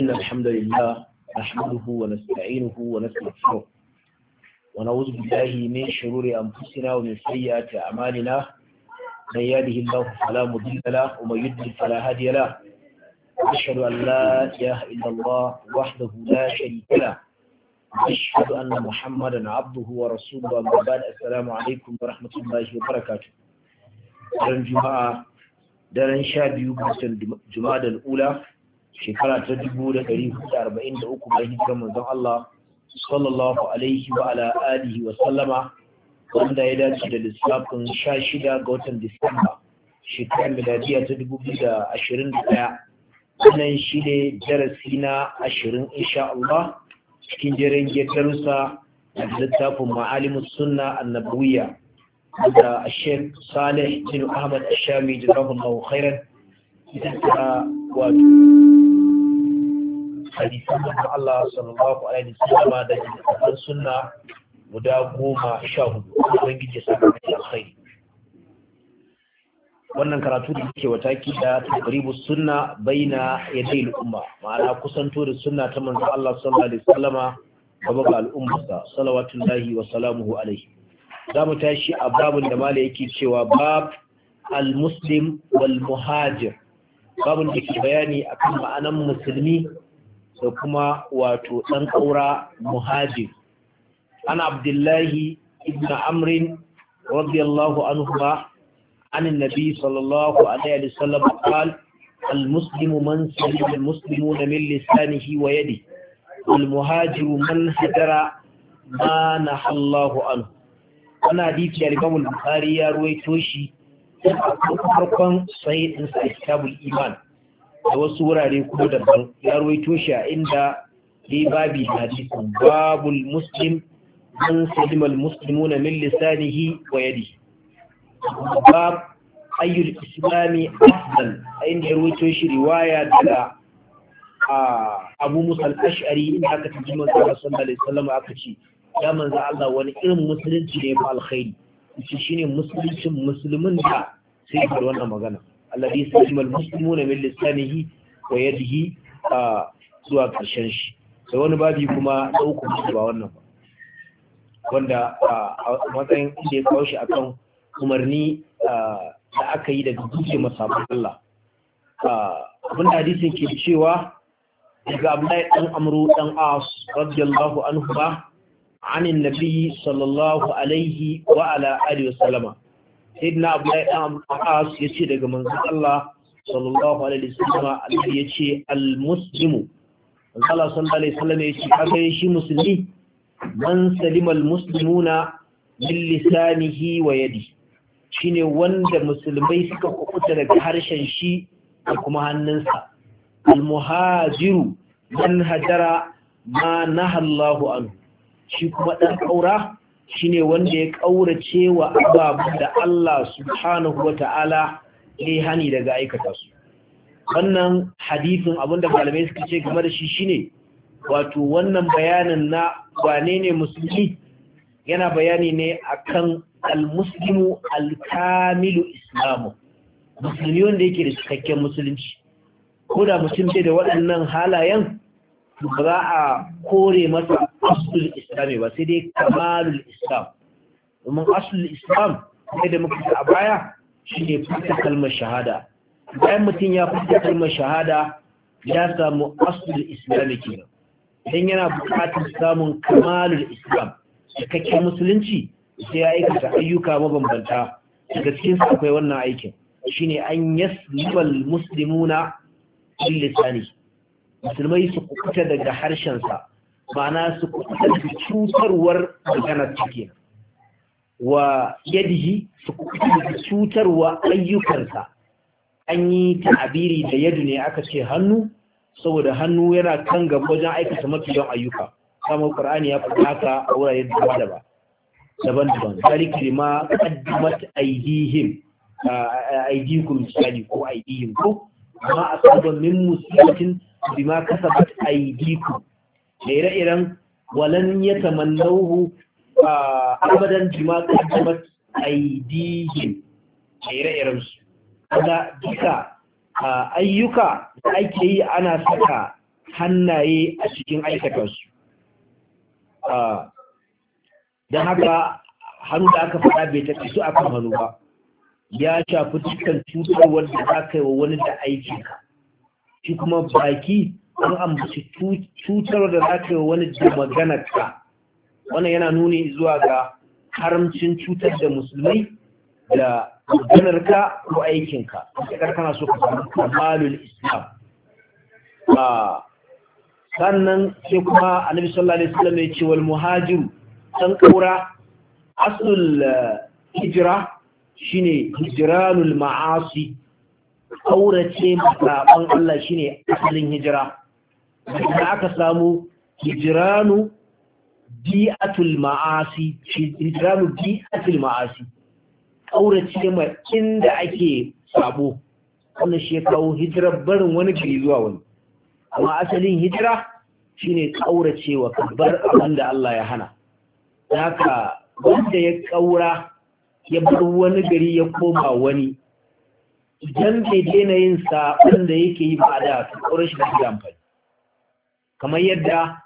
إن الحمد لله نحمده ونستعينه ونستغفره ونعوذ بالله من شرور أنفسنا ومن سيئات أعمالنا من يهده الله فلا مضل له ومن يضلل فلا هادي له أشهد أن لا إله إلا الله وحده لا شريك له أشهد أن محمدا عبده ورسوله أما بعد السلام عليكم ورحمة الله وبركاته daren juma'a daren sha biyu ga juma'a da ula shekara ta dubu da da hudu arba'in 1443 bayan hijirar manzon Allah sallallahu alaihi wa ala alihi wa sallama wanda ya dace da lissafin sha shida ga watan Disamba shekarar miladiya ta dubu biyu da da ashirin 2021 wannan shi ne darasi na ashirin insha Allah cikin jerin darussa da littafin ma'alimus sunna annabawiyya da Sheikh Saleh bin Ahmad Ashami jazahullahu khairan ita ta wato hadisan da Allah sallallahu alaihi wasallam da sunna guda goma sha hudu ubangiji sa wannan karatu da yake wata da taqribu sunna baina yadayil umma ma'ana kusanto da sunna ta manzo Allah sallallahu alaihi ga al'ummarsa salawatullahi wa salamuhu alaihi tashi a babin da mala yake cewa bab al-muslim wal muhajir babin da ke bayani akan ma'anan musulmi da kuma wato ɗan ƙaura muhajir an abdullahi ibn amrin radiyallahu anhu ba an nabi sallallahu alaihi wasallam qal المسلم من سلم المسلمون من لسانه ويده والمهاجر من هجر ما نحى الله عنه أنا حديث يا الإمام البخاري يا روي توشي farkon sai ɗinsa a kitabul iman da wasu wurare kuma daban ya ruwaito shi a inda dai babi hadisin babu muslim an salim muslimu na min lisanihi wa yadi. bab ayyul islami afdal a inda ya ruwaito shi riwaya daga abu musal ashari inda aka tafi manzo sallallahu alaihi wasallam aka ce ya manzo Allah wani irin musulunci ne ba alkhairi shi shine musulunci musulmin da sai ka wannan magana alladhi salima almuslimuna min lisanihi wa yadihi zuwa karshen shi sai wani babi kuma na uku ba wannan ba wanda a matsayin inda ya kawo shi akan umarni da aka yi daga guje masabon Allah abin hadisin ke cewa daga Abdullahi dan Amru dan As radiyallahu anhu ba anin nabiyyi sallallahu alaihi wa ala alihi wa sayyidina abdullahi dan abbas yace daga manzon Allah sallallahu alaihi wasallam Allah yace al-muslimu manzon Allah sallallahu alaihi wasallam shi musulmi man salima al-muslimuna min lisanihi wa yadi shine wanda musulmai suka kukuta daga harshen shi da kuma hannunsa al man hajara ma nahallahu anhu shi kuma dan aura? Shi ne wanda ya kaurace wa ababen da Allah subhanahu ta’ala ne hani daga aikata su wannan hadisin abinda malamai suka ce game da shi shine wato wannan bayanin na wane ne musulmi yana bayani ne akan al-muslimu al-kamilu islamu musulmi wanda yake da cikakken musulunci ko da mutum ce da waɗannan halayen ba za a kore masa aslul islami ba sai dai kamalul islam domin aslul islam sai da muka a baya shi ne fita kalmar shahada bayan mutum ya fita kalmar shahada ya samu aslul islami kenan idan yana buƙatar samun kamalul islam cikakken musulunci sai ya aikata ayyuka mabambanta daga cikin akwai wannan aikin shine an yaslibal muslimuna lisani musulmai su kukuta daga harshensa ma'ana su kuɗaɗar da cutarwar magana take wa yadihi su kuɗaɗar da cutarwa ayyukansa an yi ta'abiri da yadu ne aka ce hannu saboda hannu yana kan gaba wajen aikata mafi yawan ayyuka kama qur'ani ya fi haka a wuraren daban daban daban daban zalika lima qaddamat aydihim aydikum misali ko aydihim ko ma asaban min ma kasa kasabat aydikum da ire-iren walan ya a abadan jima kaddamat aidihim da ire-iren su kaga duka ayyuka da ake yi ana saka hannaye a cikin su. don haka hannu da aka faɗa bai tafi su akan hannu ba ya shafi dukkan cutarwar da za ka yi wa wani da aikinka shi kuma baki an ambaci cutar da za ka yi wani da Wani yana nuni zuwa ga haramcin cutar da musulmai da maganarka ko aikinka kakar kana so ka samu kamalul islam ah, sannan sai kuma annabi sallallahu alaihi wasallam ya ce wal muhajiru ɗan kaura asul eh, hijira shine hijranul ma'asi aurace masaban Allah shine asalin hijira da aka samu hijiranu di'atul ma'asi hijiranu di'atul ma'asi ma inda ake sabo wannan shi ya kawo hijirar barin wani gari zuwa wani amma asalin hijira shine ƙauracewa, wa kabar abin Allah ya hana haka wanda ya ƙaura, ya bar wani gari ya koma wani idan bai daina yin sa da yake yi ba da tsoron shi da amfani kamar yadda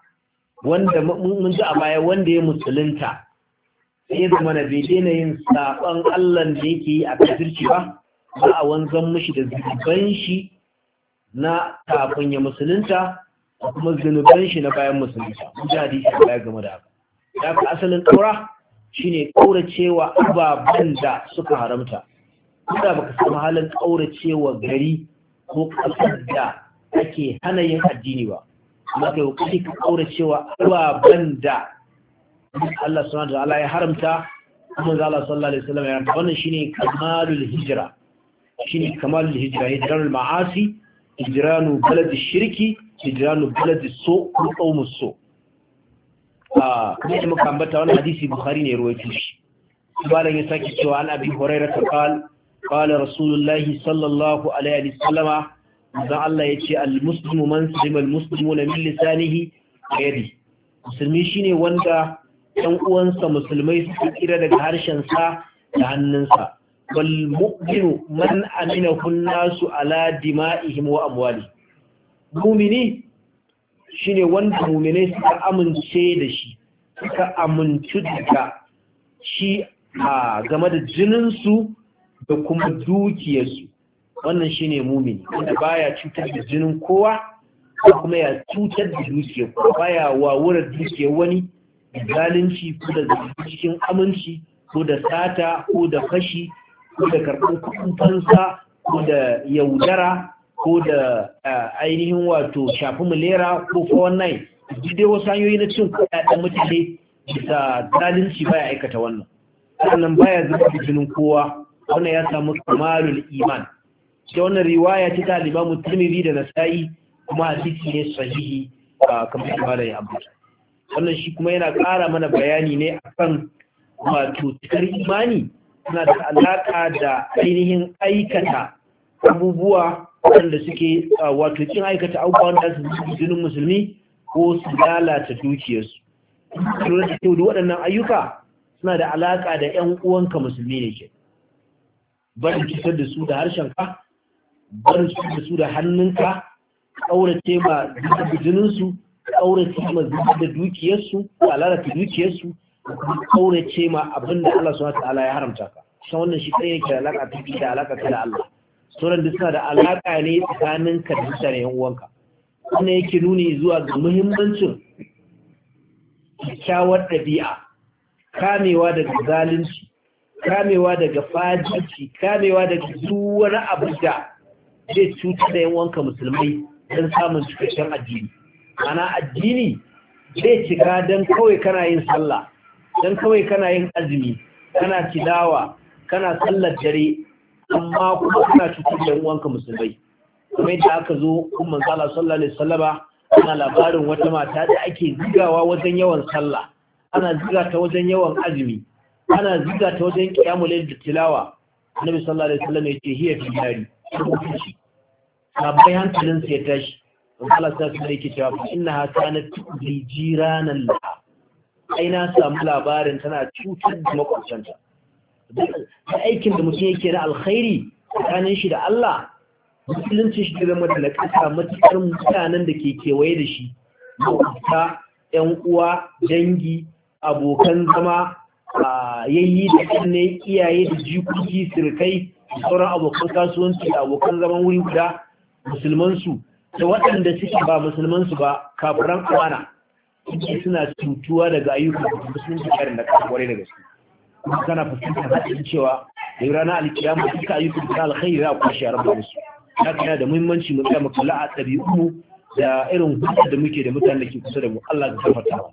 wanda mun ji a baya wanda ya musulunta sai zama na bai daina yin saɓon Allah da yake yi a kafirci ba Za a wanzan mashi da zunuban shi na kafin ya musulunta da kuma zunuban shi na bayan musulunta mun ji hadisi a baya game da haka da asalin ƙaura shine ƙauracewa ababen da suka haramta kuma baka samu halin ƙauracewa gari ko ƙasar da ake hana yin addini ba amma kai kokari ka kaura cewa ababan da Allah subhanahu wa ta'ala ya haramta kuma za Allah sallallahu alaihi wasallam ya haramta wannan shine kamalul hijra shine kamalul hijra hijranul ma'asi hijranu baladi shirki hijranu baladi so ko qaumus so ah kuma da muka ambata wani hadisi bukhari ne ruwaito shi malan ya saki cewa an abi hurairah qala qala rasulullahi sallallahu alaihi wasallama da Allah ya ce al-muslimu man salima al na min lisanihi yadi musulmi shine wanda ɗan uwansa musulmai suka kira daga harshen sa da hannunsa wal mu'minu man amina nasu ala dima'ihim wa amwali mu'mini shine wanda mu'minai suka amince da shi suka amince da shi a game da jininsu da kuma dukiyarsu wannan shine mumini wanda baya cutar da jinin kowa ko kuma ya cutar da dukiyar kowa baya wawurar dukiya wani zalunci ko da cikin aminci ko da sata ko da fashi ko da karɓar kuɗin fansa ko da yaudara ko da eh, ainihin wato shafi mulera ko 419 dai wasu hanyoyi na cin kuɗaɗen mutane bisa zalunci baya aikata wannan sannan baya zuba da jinin kowa wannan ya samu kamalul iman ce wannan riwaya ce ta limamu tirmidhi da nasa'i kuma hadisi ne sahihi kamar da malam ya ambata wannan shi kuma yana ƙara mana bayani ne akan wato imani suna da alaƙa da ainihin aikata abubuwa wanda suke wato cin aikata abubuwa da su jinin musulmi ko su lalata dukiyarsu lura da kyau waɗannan ayyuka suna da alaƙa da 'yan uwanka musulmi ne ke bari cutar da su da harshen ka barin su da su da hannunka ƙaurace ma zuba da jininsu ƙaurace ma zuba da dukiyarsu ko a lalata dukiyarsu da ƙaurace ma abin da Allah subhanahu ta'ala ya haramta ka san wannan shi kai yake da alaka ta da alaka ta da Allah sauran duk suna da alaka ne tsakanin ka da mutane yan uwanka wannan yake nuni zuwa ga muhimmancin kyakkyawar ɗabi'a kamewa daga zalunci kamewa daga fajici kamewa daga duk wani abu da zai cuta da yan wanka musulmai don samun cikakken addini ana addini zai cika don kawai kana yin sallah don kawai kana yin azumi kana kidawa kana sallar dare amma kuma kana cutar da yan wanka musulmai Kuma yadda aka zo kuma manzala sallah ne sallaba ana labarin wata mata da ake zigawa wajen yawan sallah ana ziga ta wajen yawan azumi ana ziga ta wajen kiyamul da tilawa annabi sallallahu alaihi wasallam ce hiya fi rubuta shi babban hankalin sai ya tashi Allah ta su yake cewa fa inna kanat tu'li jiranan la ai na samu labarin tana cutar da makwabcanta da aikin da mutum yake na alkhairi tsakanin shi da Allah musulunci shi zama da nakasa matukar mutanen da ke kewaye da shi makwabta yan uwa dangi abokan zama yayi da kanne iyaye da jikoki sirkai sauran abokan kasuwanci da abokan zaman wuri guda musulmansu da waɗanda suke ba musulmansu ba kafiran amana suke suna cutuwa daga ayyukan da musulunci karin da kasuwarai da gaske kuma kana fuskantar hatsarin cewa da yi ranar alkiyama duka ayyukan da alkhairi za a kwashe a rabar musu ya kana da muhimmanci mu tsaya mu kula a ɗabi'u da irin hulɗar da muke da mutanen da ke kusa da mu Allah ya gafarta wa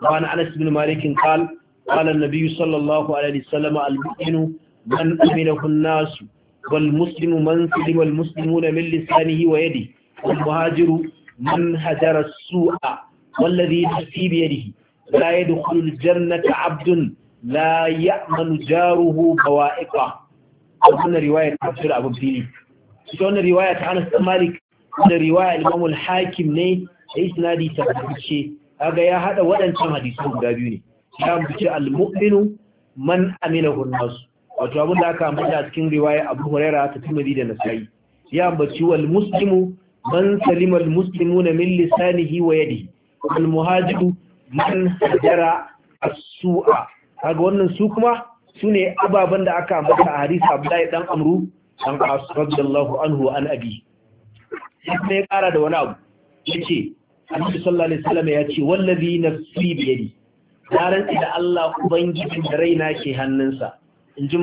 وعن انس بن مالك قال قال النبي صلى الله عليه وسلم المؤمن man aminahu an-nas wal muslimu man salima al-muslimuna min lisanihi wa yadihi wal muhajiru man hajara as-su'a والذي نفسي بيده لا يدخل الجنة عبد لا يأمن جاره بوائقه هنا رواية عبد أبو بيلي هنا رواية عن مالك هنا رواية الإمام الحاكم ني إسنادي تبكي هذا يا هذا ولن تم حديثه غابيني يا المؤمن من أمنه الناس wato abin da aka ambata a cikin riwaya abu huraira ta tumari da nasai ya ambaci wal muslimu man salima al muslimuna min lisanihi wa yadihi al muhajiru man hajara as-su'a kaga wannan su kuma sune ababen da aka ambata a hadisi Abdullahi dan Amru dan anhu an abi sai ya kara da wani abu yace Annabi sallallahu alaihi wasallam ya ce wallazi nafsi bi yadi daren da Allah ubangiji da raina ke hannunsa in ji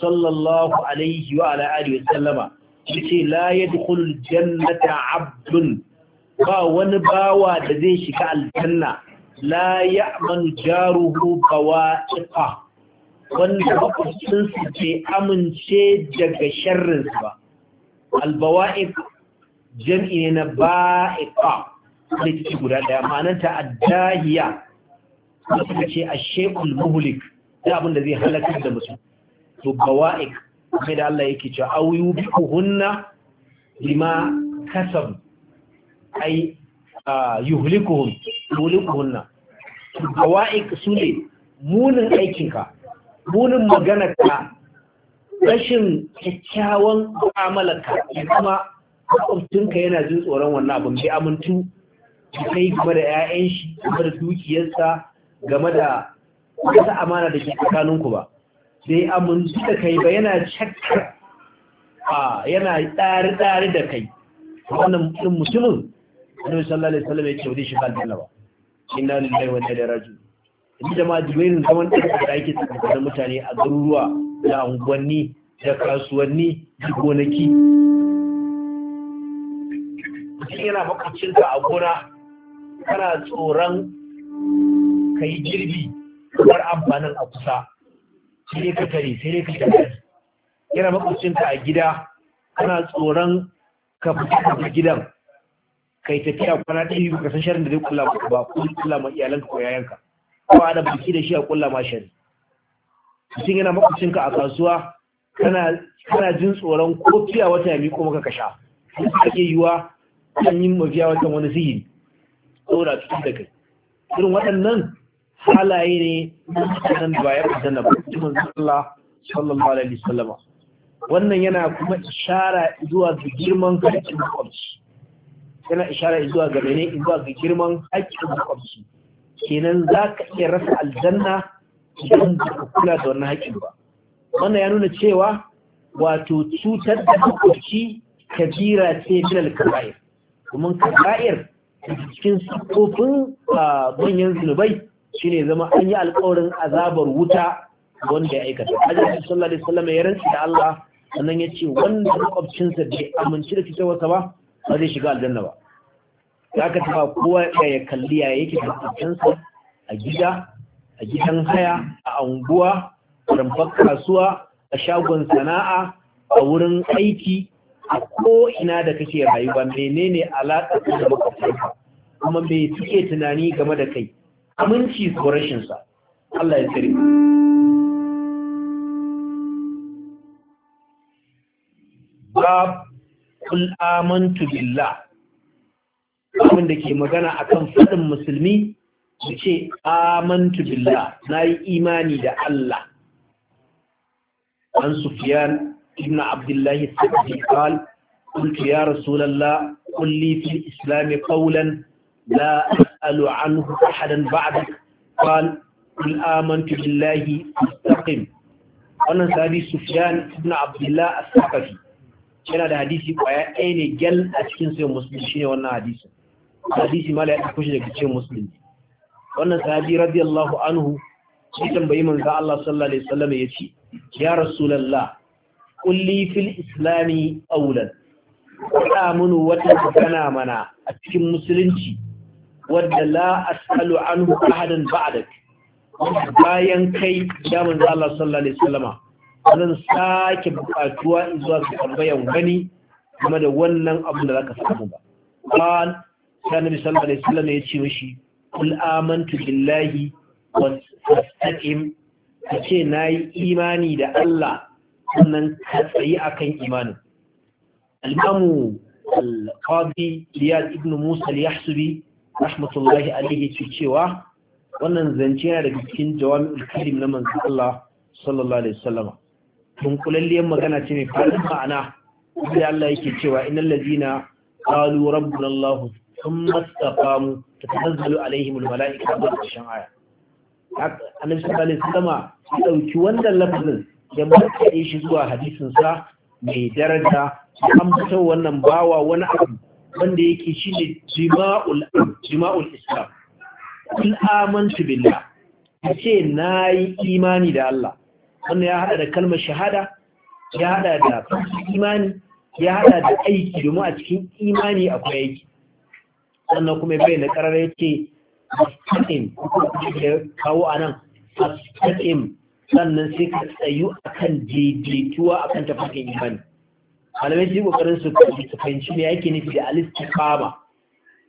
sallallahu alaihi wa ala alihi wa sallama yace la yadkhulu jannata abdun ba wani bawa da zai shiga aljanna la ya'manu jaruhu bawa'iqa wanda hukuncin su amince daga sharrin su ba albawa'iq jam'i ne na ba'iqa da ke guda daya ma'ananta addahiya wanda ce ashekul muhlik da abin da zai halakar da musu to gawa'ik mai da Allah yake cewa aw yubihunna bima kasab ay yuhlikuhum yuhlikuhunna bawa'ik sune munin aikinka munin maganarka rashin kyakkyawan mu'amalarka kuma ka yana jin tsoron wannan abin bai amintu kai game da 'ya'yan shi game da dukiyarsa game da wata amana da ke tsakaninku ba Sai amintu da kai ba yana shakkar a yana tsari-tsari da kai wannan mutum mutumin annabi sallallahu alaihi wasallam ya ce wani shiga aljanna ba inna lillahi wa inna ilaihi raji'un in jama'a jibrin zaman da ake tsakanin mutane a garuruwa da unguwanni da kasuwanni da gonaki mutum yana ka a gona kana tsoron ka yi girbi bar amfanin a kusa sai dai ka tare sai dai ka tare yana makwabcinka a gida kana tsoron ka fita daga gidan kai tafiya kwana ɗaya biyu ka san sharin da zai kula maka ba ko kula ma iyalanka ko yayanka ko ana baki da shi a kula ma shari mutum yana makwabcinka a kasuwa kana jin tsoron ko fiya wata yami ko maka kasha ake yiwa kan yi mafiya wata wani sihiri saboda cikin da kai irin waɗannan halaye ne nan ba ya fita na mutumin Allah sallallahu alaihi wasallam wannan yana kuma ishara zuwa ga girman haƙƙin makwabci yana ishara zuwa ga mene zuwa ga girman haƙƙin makwabci kenan za ka iya rasa aljanna idan ba ka kula da wannan haƙƙin ba wannan ya nuna cewa wato cutar da makwabci kabira ce min al-kaba'ir kuma kaba'ir cikin siffofin ah, manyan zunubai shine zama an yi alƙawarin azabar wuta wanda ya aikata hajji sallallahu alaihi wasallam ya rantsi da Allah sannan ya ce wanda makwabcinsa bai amince da fitowarsa ba ba zai shiga aljanna ba za ka tafa kowa ya kalli ya yake da makwabcinsa a gida a gidan haya a anguwa a rumfar kasuwa a shagon sana'a a wurin aiki a ko'ina da kake rayuwa menene alaƙa da makwabcinka kuma me suke tunani game da kai aminci ko rashinsa Allah ya tsare bab kul amantu billah abin da ke magana akan fadin musulmi su ce amantu billah nayi imani da Allah an sufyan ibn abdullahi sadiqal قلت يا رسول الله قل لي في لا أسأل عنه أحدا بعدك قال قل آمنت بالله استقم wannan sahabi Sufyan ibn Abdullah As-Saqafi yana da hadisi kwaya ɗaya ne gal a cikin sai Muslim shine wannan hadisi hadisi mala ya dauko shi daga cikin Muslim wannan sahabi radiyallahu anhu shi tambayi manzo Allah sallallahu alaihi wasallam yace ya rasulullah kulli fil islami awlan faɗa mun wata magana mana a cikin musulunci wadda la as'alu anhu ahadan ba'dak bayan kai ya manzo Allah sallallahu alaihi wasallama zan sake bukatuwa zuwa ga tambayan gani game da wannan abin da zaka samu ba qal sai nabi sallallahu alaihi wasallama ya ce mishi kul amantu billahi wa fastaqim kace nayi imani da Allah sannan ka tsayi akan imanin al-imamu al-qadi Iyad ibn Musa al-Yahsubi rahmatullahi alaihi ke cewa wannan zance yana daga cikin jawami'ul kalim na manzon Allah sallallahu alaihi wasallam tun kulalliyar magana ce mai faɗin ma'ana sai Allah yake cewa innal ladina qalu rabbuna Allah thumma istaqamu tatazzalu alaihim al mala'ika bi shan aya annabi sallallahu alaihi ya dauki wannan lafazin ya markaɗe shi zuwa hadisin sa mai daraja an fito wannan bawa wani abu wanda yake shi jima'ul jima'ul islam kun amantu ya ce na yi imani da Allah wanda ya hada da kalmar shahada ya hada da imani ya hada da aiki domin a cikin imani akwai aiki sannan kuma bai na karara yake mustaqim da kawo nan mustaqim sannan sai ka tsayu a akan daidaituwa kan tafafin imani malamai su yi kokarin su fahimci me yake nufi da al-istiqama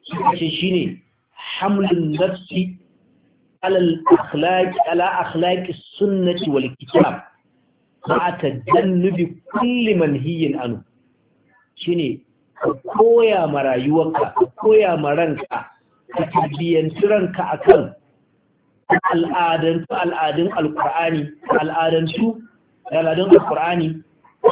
suka ce shine hamlun nafsi ala akhlaqi sunnati wal kitab ma tajannubi kulli manhiyin anu shine ka koya ma rayuwarka ka koya ma ranka ka tarbiyyanci ranka akan al'adantu al'adun al'adantu al'adun alqur'ani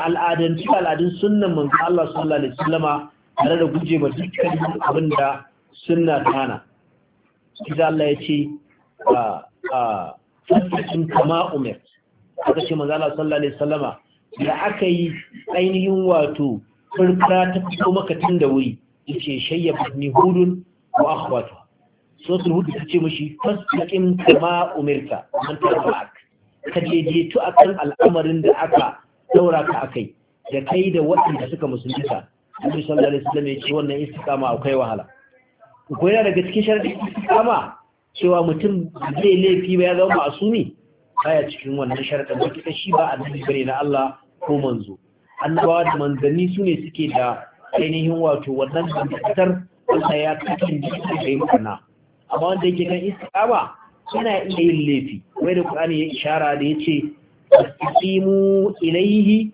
al'adanci al'adun sunnan manzo Allah sallallahu alaihi wasallama tare da guje ba dukkan abin da sunna ta hana idan Allah ya ce a a fatin kama umar aka ce manzo Allah sallallahu alaihi wasallama da aka yi ainihin wato furfura ta fito maka tun da wuri yace shayyabat ni hudun wa akhwatu sosul hudu ta ce mashi fastaqim kama umirta man tabak ka daidaitu akan al'amarin da aka daura ka akai da kai da waɗanda suka musulunta Annabi sallallahu alaihi wasallam ya ce wannan istiqama akwai wahala ko yana daga cikin sharadin istiqama cewa mutum zai laifi ba ya zama ma'asumi baya cikin wannan sharadin ba kika shi ba annabi bane na Allah ko manzo annabawa da manzanni su ne suke da ainihin wato wannan dangantakar Allah ya kakin da ya yi mutana amma wanda yake kan istiqama yana iya yin laifi wai da Qur'ani ya ishara da ya ce. istimu ilaihi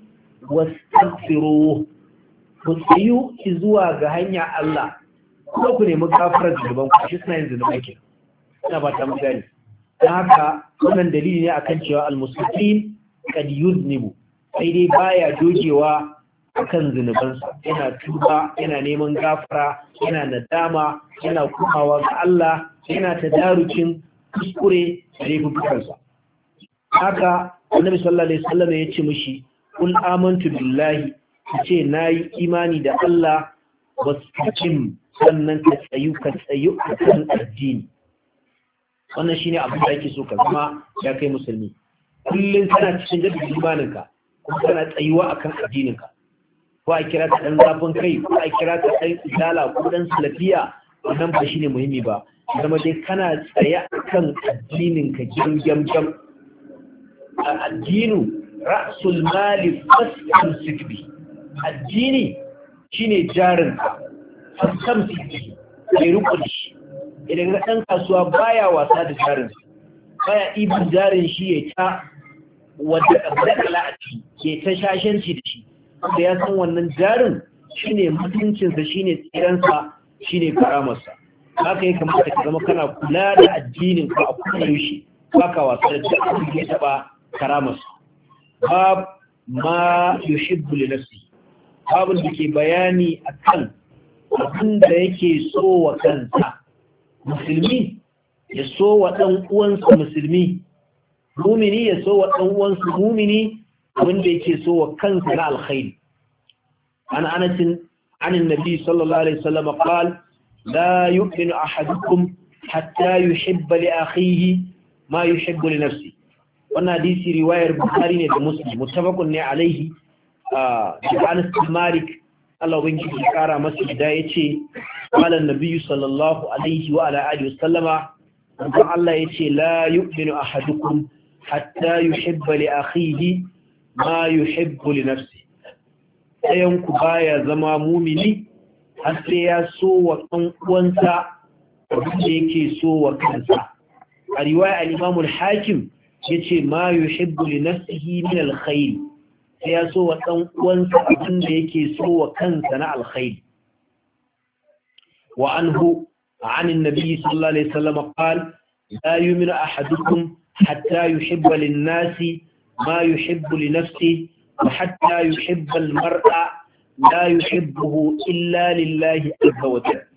wastaghfiru ku zuwa ga hanya Allah kuma ku nemi gafarar zunuban ku shi suna yin zunubai ke ina ba ta magani haka wannan dalili ne akan cewa almustaqim kad yuznibu sai dai baya dogewa akan zunubansa yana tuba yana neman gafara yana nadama yana kumawa ga Allah yana tadarukin kuskure da laifukansa haka annabi sallallahu alaihi wasallam ya ce mishi kul amantu billahi ce nayi imani da Allah wasfaqim sannan ka tsayu ka tsayu kan addini wannan shine abin da yake so ka zama ya kai musulmi kullun kana cikin imanin ka kuma kana tsayuwa akan addininka ko a kira ka dan zafin kai ko a kira ka dan idala ko dan salafiya wannan ba shine muhimmi ba zama dai kana tsaya akan addininka ka gam gam addinu ra'sul mali fastamsik bi addini shine jarin ka fastamsik bi kai shi idan ga dan kasuwa baya wasa da jarin baya ibin jarin shi ya ta wadda abdala a ciki ke ta shashanci da shi da ya san wannan jarin shine mutuncinsa shine tsiransa shine karamarsa haka ya kamata ka zama kana kula da addinin ka a kowane shi baka wasa da abin da ya taba karamarsa bab ma yuhibbu li nafsi babun da ke bayani akan abin da yake so wa kansa musulmi ya so wa ɗan uwansa musulmi mumini ya so wa ɗan uwansa mumini abin yake so wa kansa na alkhairi an anatin عن النبي صلى الله عليه وسلم قال لا يؤمن أحدكم حتى يحب لأخيه ما يحب nafsi. Wani hadisi riwayar Buhari ne da muslim mutabakun ne alaihi ah, da anas malik Allah ubangiji ya kara masa gida yace qala an-nabiyyu sallallahu alaihi wa ala alihi wasallama dan Allah yace la yu'minu ahadukum hatta yuhibba li akhihi ma yuhibbu li nafsihi ayan ku baya zama mumini har sai ya so wa ɗan uwansa abin da yake so wa kansa a riwaya al-imam hakim ya ce ma yi shibbuli na min alkhairi sai ya so wa ɗan’uwansa abin da yake so wa kansa na alkhairi wa an hu a anin na biyu sallallahu alaihi sallama ƙwal ya yi min a hadukun hatta yi shibbalin nasi ma yi shibbuli na fi ma hatta yi shibbal mar’a la yi shibbuhu illa lillahi azawajar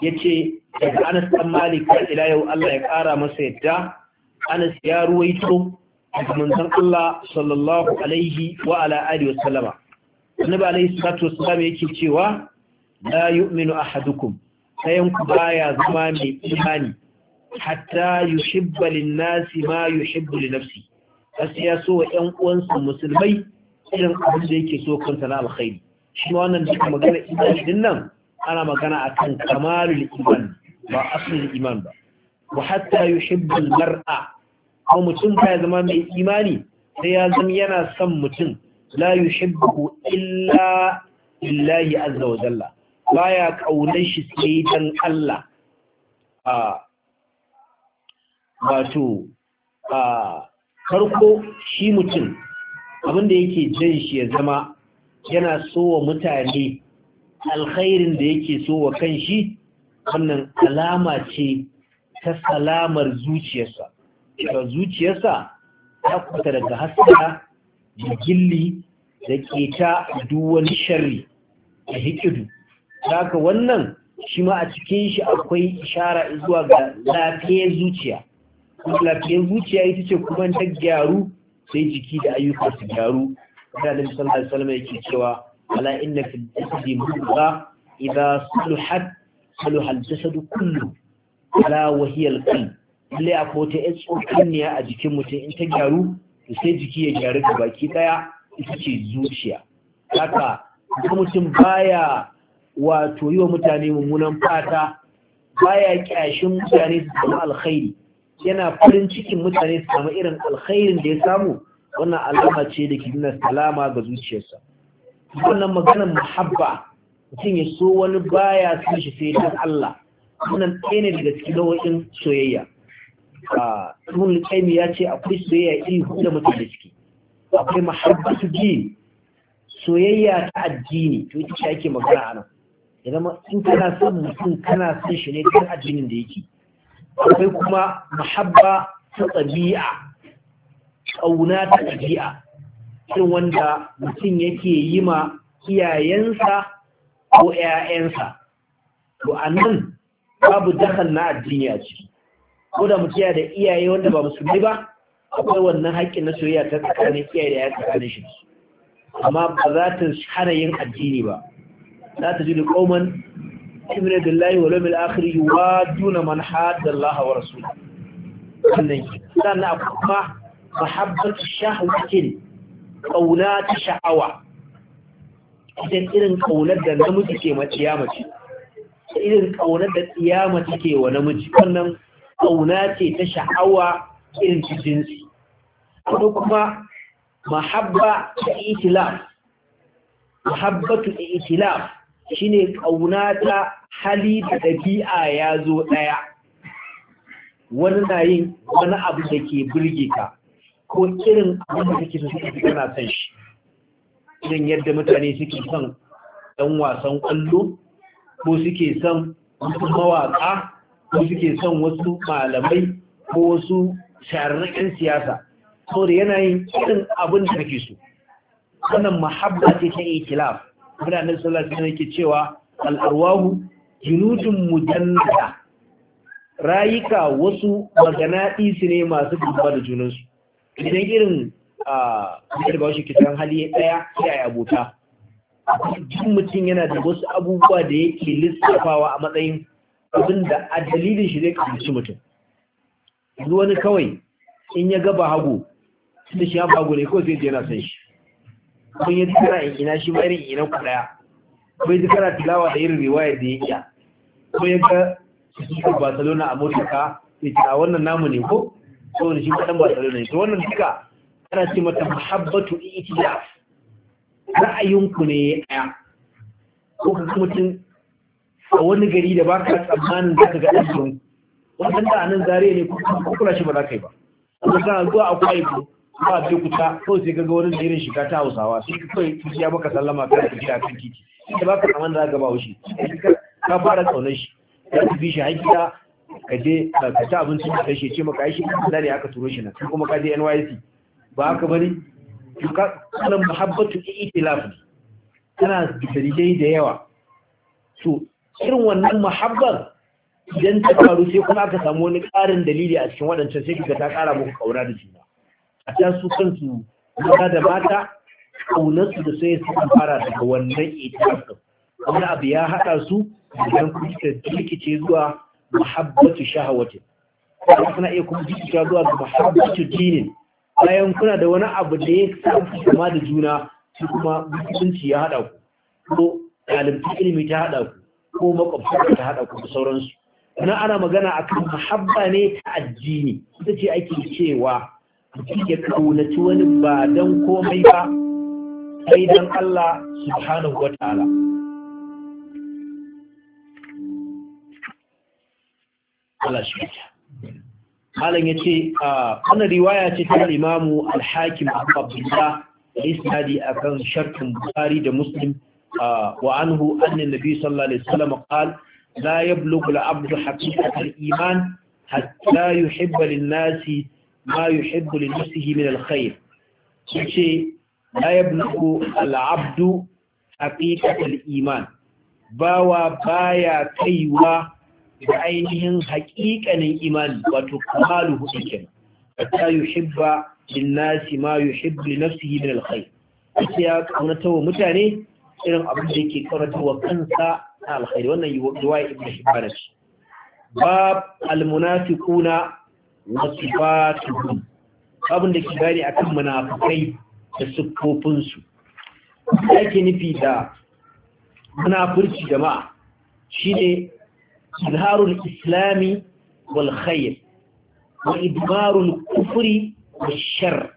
ya ce daga anas ɗan malika ila yau allah ya ƙara masa yadda Anas ya ruwaito daga manzon Allah sallallahu alaihi wa ala alihi wa annabi alaihi salatu wassalam yake cewa la yu'minu ahadukum sayan ku baya zama mai imani hatta yuhibba linnasi ma yuhibbu li nafsi ya so wa ƴan uwansa musulmai irin abin da yake so kansa na alkhairi shi ma wannan duka magana imani din nan ana magana akan kamalul iman ba aslul iman ba wa hatta yuhibbu al-mar'a A mutum ya zama mai imani sai ya zama yana son mutum la yuhibbu illa billahi azza wa jalla baya kaunar shi sai dan Allah a wato a farko shi mutum abinda yake jan shi ya zama yana so wa mutane alkhairin da yake so wa shi wannan alama ce ta salamar zuciyarsa cewa zuciyarsa ta kuta daga haska, da gilli da ƙeta, duk wani shari da hikidu haka wannan shi ma a cikin shi akwai ishara zuwa ga lafiyar zuciya lafiyar zuciya ita ce kuma ta gyaru sai jiki da ayyuka su gyaru da Annabi sallallahu alaihi ya yake cewa ala inna fi jasadi mudghah idha saluhat saluha jasadu kullu ala wahiyal lalle a wata ta tsokanniya a jikin mutum in ta gyaru to sai jiki ya gyaru da baki daya ita ce zuciya haka kuma mutum baya wato yi wa mutane mummunan fata baya kyashin mutane su samu alkhairi yana farin cikin mutane su samu irin alkhairin da ya samu wannan alama ce da ke nuna salama ga zuciyarsa wannan maganar muhabba mutum ya so wani baya son shi sai dan Allah wannan ɗaya ne daga cikin nau'in soyayya a ya ce akwai soyayya iri hudu da ciki. akwai mahabbatu ji soyayya ta addini to ita ce ake magana anan ya zama in kana son mutum kana son shi ne kan addinin da yake akwai kuma mahabba ta tsabi'a, ƙauna ta tsabi'a irin wanda mutum yake yi ma iyayensa ko 'ya'yansa to a nan babu dakan na addini a ciki ko da mutum da iyaye wanda ba musulmi ba akwai wannan haƙƙin na soyayya ta tsakanin iyaye da ya tsakanin shi amma ba za ta hana yin addini ba za ta jini ƙauman ibn billahi wa lomil akhiri wa duna man hadda laha wa rasul wannan ki sannan a kuma mahabbatu shahwatin ƙauna ta sha'awa idan irin ƙaunar da namiji ke mace ya mace irin ƙaunar da tsiyama ke wa namiji wannan ƙauna ce ta sha'awa irin ta jinsi akwai kuma mahabba ta itilaf mahabbatu da itilaf shine ƙauna ta hali da ɗabi'a ya zo ɗaya wani na yin wani abu da ke birge ka ko irin abin da kake so suke kana son shi irin yadda mutane suke son ɗan wasan ƙwallo ko suke son mawaƙa ko suke son wasu malamai ko wasu shararren siyasa saboda da yanayin irin abin da kake so wannan muhabba ce ta ikilaf muna nan sallallahu alaihi wasallam yake cewa al-arwahu junudun mujannada rayuka wasu maganaɗi su ne masu gaba da junansu idan irin a da bashi kitan hali ɗaya ya abota duk mutum yana da wasu abubuwa da yake lissafawa a matsayin abin da a dalilin shi zai shi mutum yanzu wani kawai in ya gaba hagu da shi hagu hagu ne kawai sai jena san shi kun yi zikara in ina shi ma irin ina ku daya kun yi zikara tilawa da irin riwaya da ya iya kun yi ga su barcelona a motoka. ya ce a wannan namu ne ko wani shi kaɗan barcelona ne to wannan duka ana ce mata muhabbatu itilaf ra'ayinku ne ya ɗaya ko ka mutum a wani gari da baka tsammanin za ka ga ɗan gidan wannan da anan zariya ne ko kula shi ba za ka yi ba amma kana zuwa a kwaye ko ba a ku ta ko sai ga wani da irin shiga ta hausawa sai ka kawai su ya maka sallama ka ka jira kan titi sai ka tsammanin za ka ba wushi ka fara tsaunar shi za ka bi shi hakika ka je ka ta abincin da kashe ce maka aishi da ne aka turo shi nan kuma ka je NYC ba haka bane ka kana muhabbatu itilaf kana da dalilai da yawa to irin wannan muhabbar idan ta faru sai kuma aka samu wani ƙarin dalili a cikin waɗancan sai kika ta ƙara muku ƙaura da juna a can su kansu maza da mata ƙaunarsu da sai suka fara daga wannan ita wani abu ya haɗa su idan kuma kika jirkice zuwa muhabbatu shahawatin kuma kuna iya kuma jirkice zuwa ga muhabbatu dinin bayan kuna da wani abu da ya samu kama da juna sai kuma mutunci ya haɗa ku ko ɗalibin ilimi ta haɗa ku ko makwabta ta haɗa ku da sauransu na ana magana akan mahabba ne ta addini ita ce ake cewa mutum ya kaunaci wani ba don komai ba sai don Allah subhanahu wa ta'ala Allah shi Malam ya ce, ah, wannan riwaya ce ta imamu alhakim a ya da isnadi akan shartin Buhari da Muslim وعنه أن النبي صلى الله عليه وسلم قال لا يبلغ العبد حقيقة الإيمان حتى يحب للناس ما يحب لنفسه من الخير شيء لا يبلغ العبد حقيقة الإيمان باوا بايا كيوا بعينهم حقيقة الإيمان وتقاله إكما حتى يحب للناس ما يحب لنفسه من الخير sai ya kaunata wa mutane irin abin da yake kaunata wa kansa na alkhairi wannan riwaya ibn hibban ce bab almunafiquna wa sifatuhum abin da ke gani akan munafikai da siffofinsu. su yake nufi da munafurci jama'a shine izharul islami wal khair wa idmarul kufri wa shar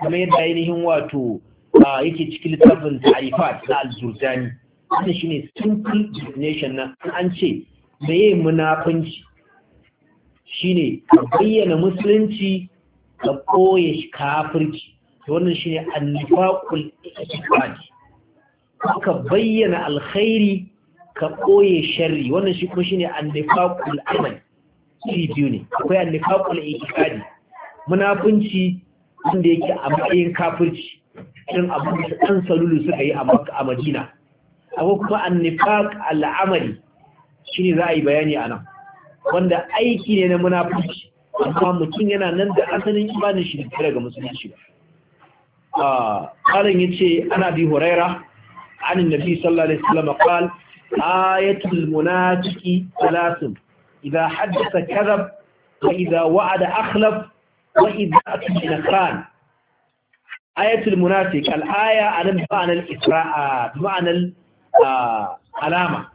kamar yadda ainihin wato yake cikin littafin ta'rifat na aljurjani Wannan shi ne simple definition na an ce meye munafunci shi ne. ka bayyana musulunci ka koye kafirci wannan shi an-nifaqul i'tiqadi ka bayyana alkhairi ka koya sharri wannan shi kuma shine an-nifaqul amal shi biyu ne akwai an-nifaqul i'tiqadi munafunci wanda yake a matsayin kafirci irin abin da ɗan salulu suka yi a madina akwai kuma annifaq Al'amari. shine za a yi bayani a nan wanda aiki ne na munafurci. amma mutum yana nan da asalin imanin shi da daga musulunci ba ah, ya yace ana bi huraira an annabi sallallahu alaihi wasallam qal ayatul munafiqi thalathun idha haddatha kadhab wa idha wa'ada akhlaf wa idha atina khan ayatul munafiq al-aya anan ma'anar isra'a ma'anar alama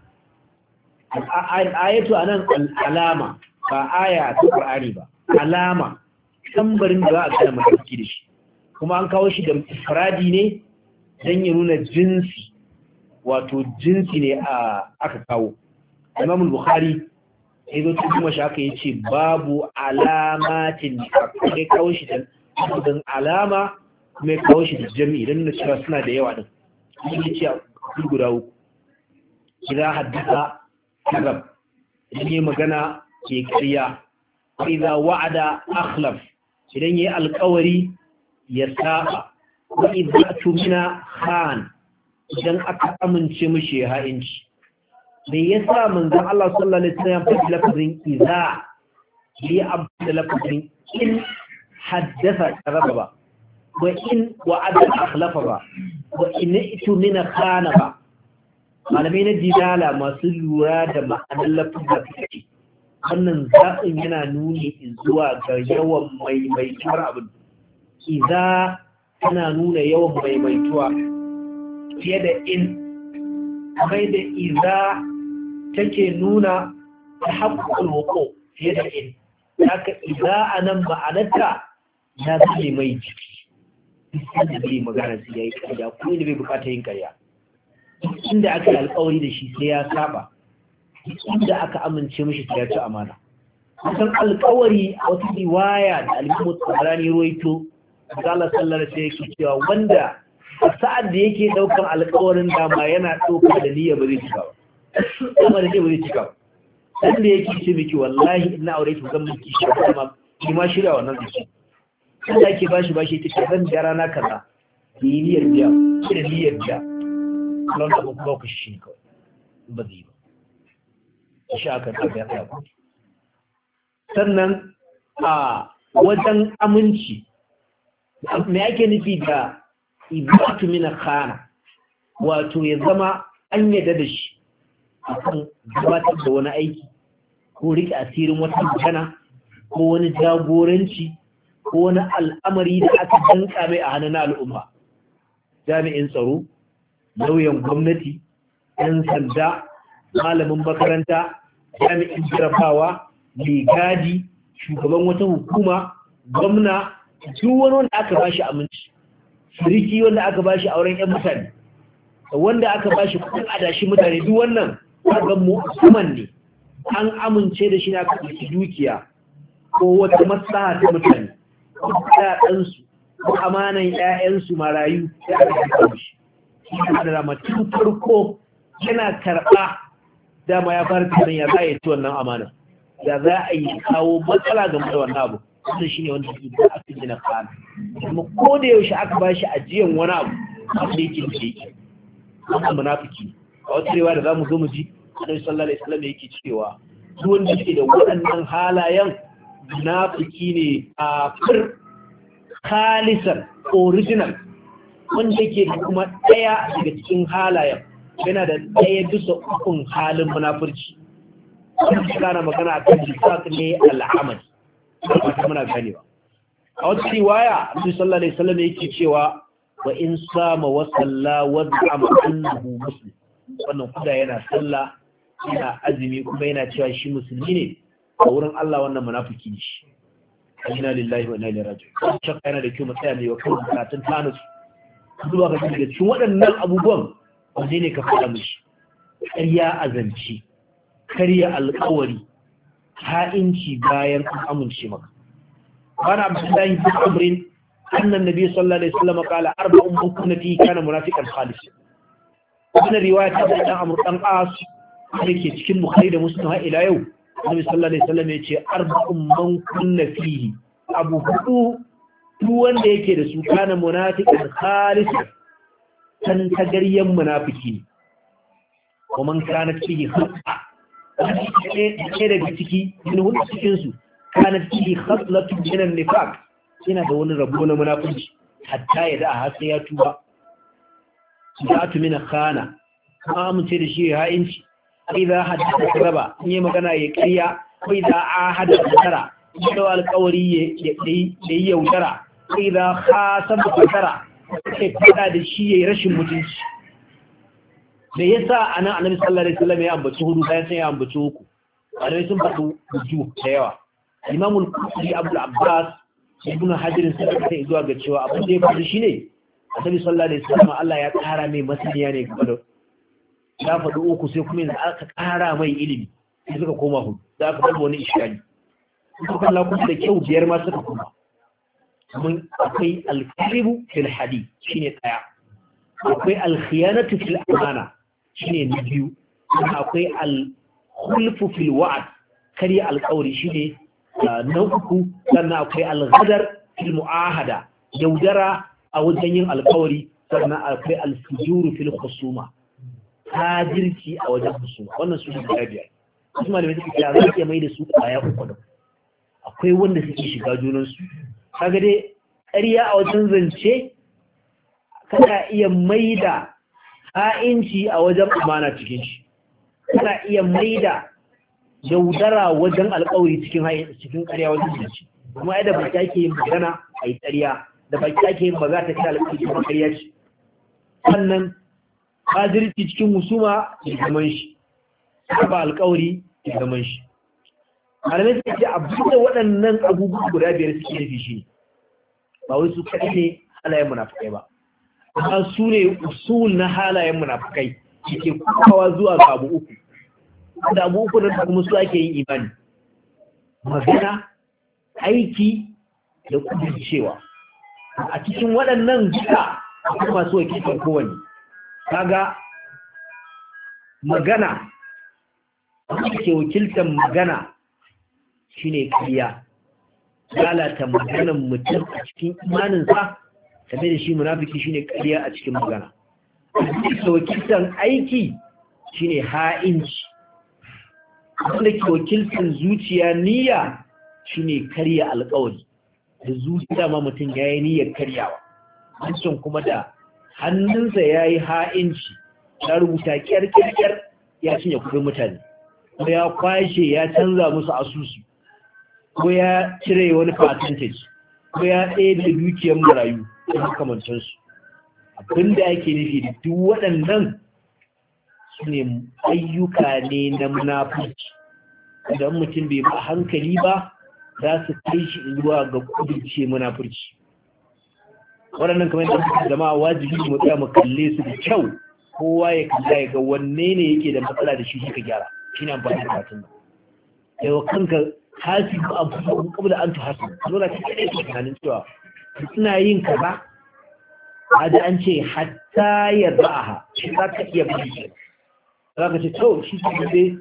ayatu anan alama ba aya ta qur'ani ba alama tambarin da za a kana da shi kuma an kawo shi da ifradi ne dan ya nuna jinsi wato jinsi ne a aka kawo Imam al-Bukhari ya zo cikin mashi aka yace babu alamatin akwai kawo shi dan alama kuma ya kawo shi da jami idan nuna cewa suna da yawa din kuma ya ce a guda uku kira haddasa karab idan yi magana ke karya iza wa'ada akhlaf idan yi alkawari ya saba Idan ta tumina khan idan aka amince mishi ya ha'inci me yasa manzon Allah sallallahu alaihi wasallam fa lafazin iza yi da lafazin in haddasa karaba wa in wa'ada akhlafa ba wa in itu min khana ba malamai na jidala masu lura da ma'anar lafin da kake wannan zaɓin yana nuni zuwa ga yawan maimaituwar abin iza tana nuna yawan maimaituwa fiye da in kamar da iza take nuna ta haƙƙon roƙo fiye da in haka iza a nan ma'anarta ya zai mai jiki duk da bai magana sai yayi karya ko inda bai bukata yin karya inda aka yi alƙawari da shi sai ya saba inda aka amince mishi sai ya ci amana kusan alƙawari a wata riwaya da alimu tsabarani ruwaito Allah sallar sai yake cewa wanda a sa'ad da yake ɗaukan alƙawarin dama yana ɗauka da niyya ba zai cika ba kuma da zai cika ba yake ce miki wallahi ina aure ki zan miki shi kuma ma shirya wannan zai Allah yake bashi bashi ta ce zan biya rana kaza ki niyyar biya ki da niyyar biya nan da kuma ku shi kawai ba zai ba shi aka ta biya ya ku sannan a wajen aminci me yake nufi da ibatu min khana wato ya zama an yadda da shi akan gabatar da wani aiki ko rike asirin wata magana ko wani jagoranci ko wani al'amari da aka danka mai a hannun al'umma jami'in tsaro lauyan gwamnati yan sanda malamin makaranta jami'in jirafawa mai gadi shugaban wata hukuma gwamna duk wani wanda aka bashi aminci shiriki wanda aka bashi auren yan mutane wanda aka bashi kudin adashi mutane duk wannan mu musamman ne an amince da shi na kaɗauki dukiya ko wata maslaha ta mutane ɗansu ko amanan ‘ya'yansu marayu da aka haifa shi. Shi da dama tun farko yana karɓa dama ya fara tunan ya za a yi ci wannan amana. Da za a yi kawo matsala game da wannan abu. Wannan shi ne wanda ke da aka gina fara Kuma ko da yaushe aka ba shi ajiyan wani abu, a da yake da yake. Wannan munafiki. A wata rewa da za mu zo mu ji, Annabi sallallahu alaihi wasallam yake cewa duk wanda yake da waɗannan halayen munafiki ne a fir khalisan original wanda yake da kuma ɗaya daga cikin halayen yana da ɗaya bisa ukun halin munafurci wanda kana magana a kan jisak ne al'amal ba ta muna ba. a wata riwaya Sallah ne alaihi ne yake cewa wa in sama wa salla wa zama annahu musu. wannan kuda yana sallah yana azumi kuma yana cewa shi musulmi ne a wurin Allah wannan munafiki ne shi inna lillahi wa inna ilaihi raji'un shakka yana da kyau mu tsaya ne wa kan bukatun tanasu Zuba ga daga cikin waɗannan abubuwan wanne ne ka faɗa mishi ƙarya azanci karya alƙawari ha'inci bayan an amince maka bana abdullahi bin amrin annan nabi sallallahu alaihi wasallam qala arba'un man kunna fi kana munafiqan khalis wannan riwaya ta da dan amr dan as da ke cikin bukhari da muslim har ila yau Annabi sallallahu alaihi ya ce arba'un man kunna fihi abu hudu duk wanda yake da su kana munafiqan khalis kan tagaryen munafiki kuma kana fihi khata daga ciki min hudu cikin su kana fihi khaslatu min an-nifaq yana da wani rabo na munafiki hatta ya da har sai ya tuba ya tumina khana amince da shi ya ha'inci idza hadatha kadaba in yi magana ya ƙarya ko idza ahada tara in yau alƙawari ya yi yaudara ko idza khasaba tara sai fada da shi yi rashin mutunci da yasa anan annabi sallallahu alaihi wasallam ya ambaci hudu sai sai ya ambaci uku malamai sun faɗi hudu da yawa imamu al-qurtubi abul abbas ibn hajar sai zuwa ga cewa abin da ya faru shine annabi sallallahu alaihi wasallam Allah ya tsara mai masaniya ne game da ya faɗi uku sai kuma yanzu aka ƙara mai ilimi sai suka koma hudu za ka kalma wani ishali suka kalla kuma da kyau biyar ma suka koma mun akwai alkalibu fil hadi ne ɗaya akwai alkhiyanatu fil amana ne na biyu akwai alhulfu fil wa'ad karya shi ne ah, na uku sannan akwai alghadar fil mu'ahada yaudara a wajen yin alkawari sannan akwai alfujuru fil khusuma tajirci a wajen su wannan su ne guda biyar wasu da suke cewa za iya mai da su kwaya uku da akwai wanda suke shiga junansu kaga dai ƙarya a wajen zance kana iya mai da ha'inci a wajen amana cikin shi kana iya mai da yaudara wajen alƙawari cikin cikin ƙarya wajen zance kuma ai da baki ake yin magana a yi ƙarya da baki ake yin magana ta kai alƙawari kuma ƙarya ce sannan fajirci cikin musuma ya zaman shi ba alkawari ya zaman shi malamai suka ce abinda waɗannan abubuwa guda biyar suke nufi shi ba wai su kaɗai ne halayen munafukai ba amma su ne usul na halayen munafukai da ke kowa zuwa ga abu uku da abu uku na kuma su ake yin imani magana aiki da kudin cewa a cikin waɗannan jika akwai masu wakilin kowane kaga magana wanda ke wakiltar magana shine kariya lalata maganan mutum a cikin imaninsa game da shi munafiki shine kariya a cikin magana wanda ke wakiltar aiki shine ha'inci wanda ke wakiltar zuciya niyya shine karya alkawari da zuciya ma mutum ya yi niyyar karyawa wancan kuma da hannunsa ya yi ha'inci ya rubuta ƙyar ya cinye kuɗin mutane ko ya kwashe ya canza musu asusu ko ya cire wani percentage ko ya tsaye da dukiyar marayu da makamantansu abinda ake nufi da duk waɗannan su ne ayyuka ne na munafurci idan mutum bai ba hankali ba za su kai shi zuwa ga kudurce munafurci waɗannan kamar yadda jama'a wajibi mu tsaya mu kalle su da kyau kowa ya kalla ya ga wanne ne yake da matsala da shi shi ka gyara shine amfani da karatun nan yau kanka hasi ko abu da an ta tuhasu lola ki kade ki tunanin cewa ina yin kaza da an ce hatta ya ba'aha shi za ka iya bi shi za ka ce to shi ke dai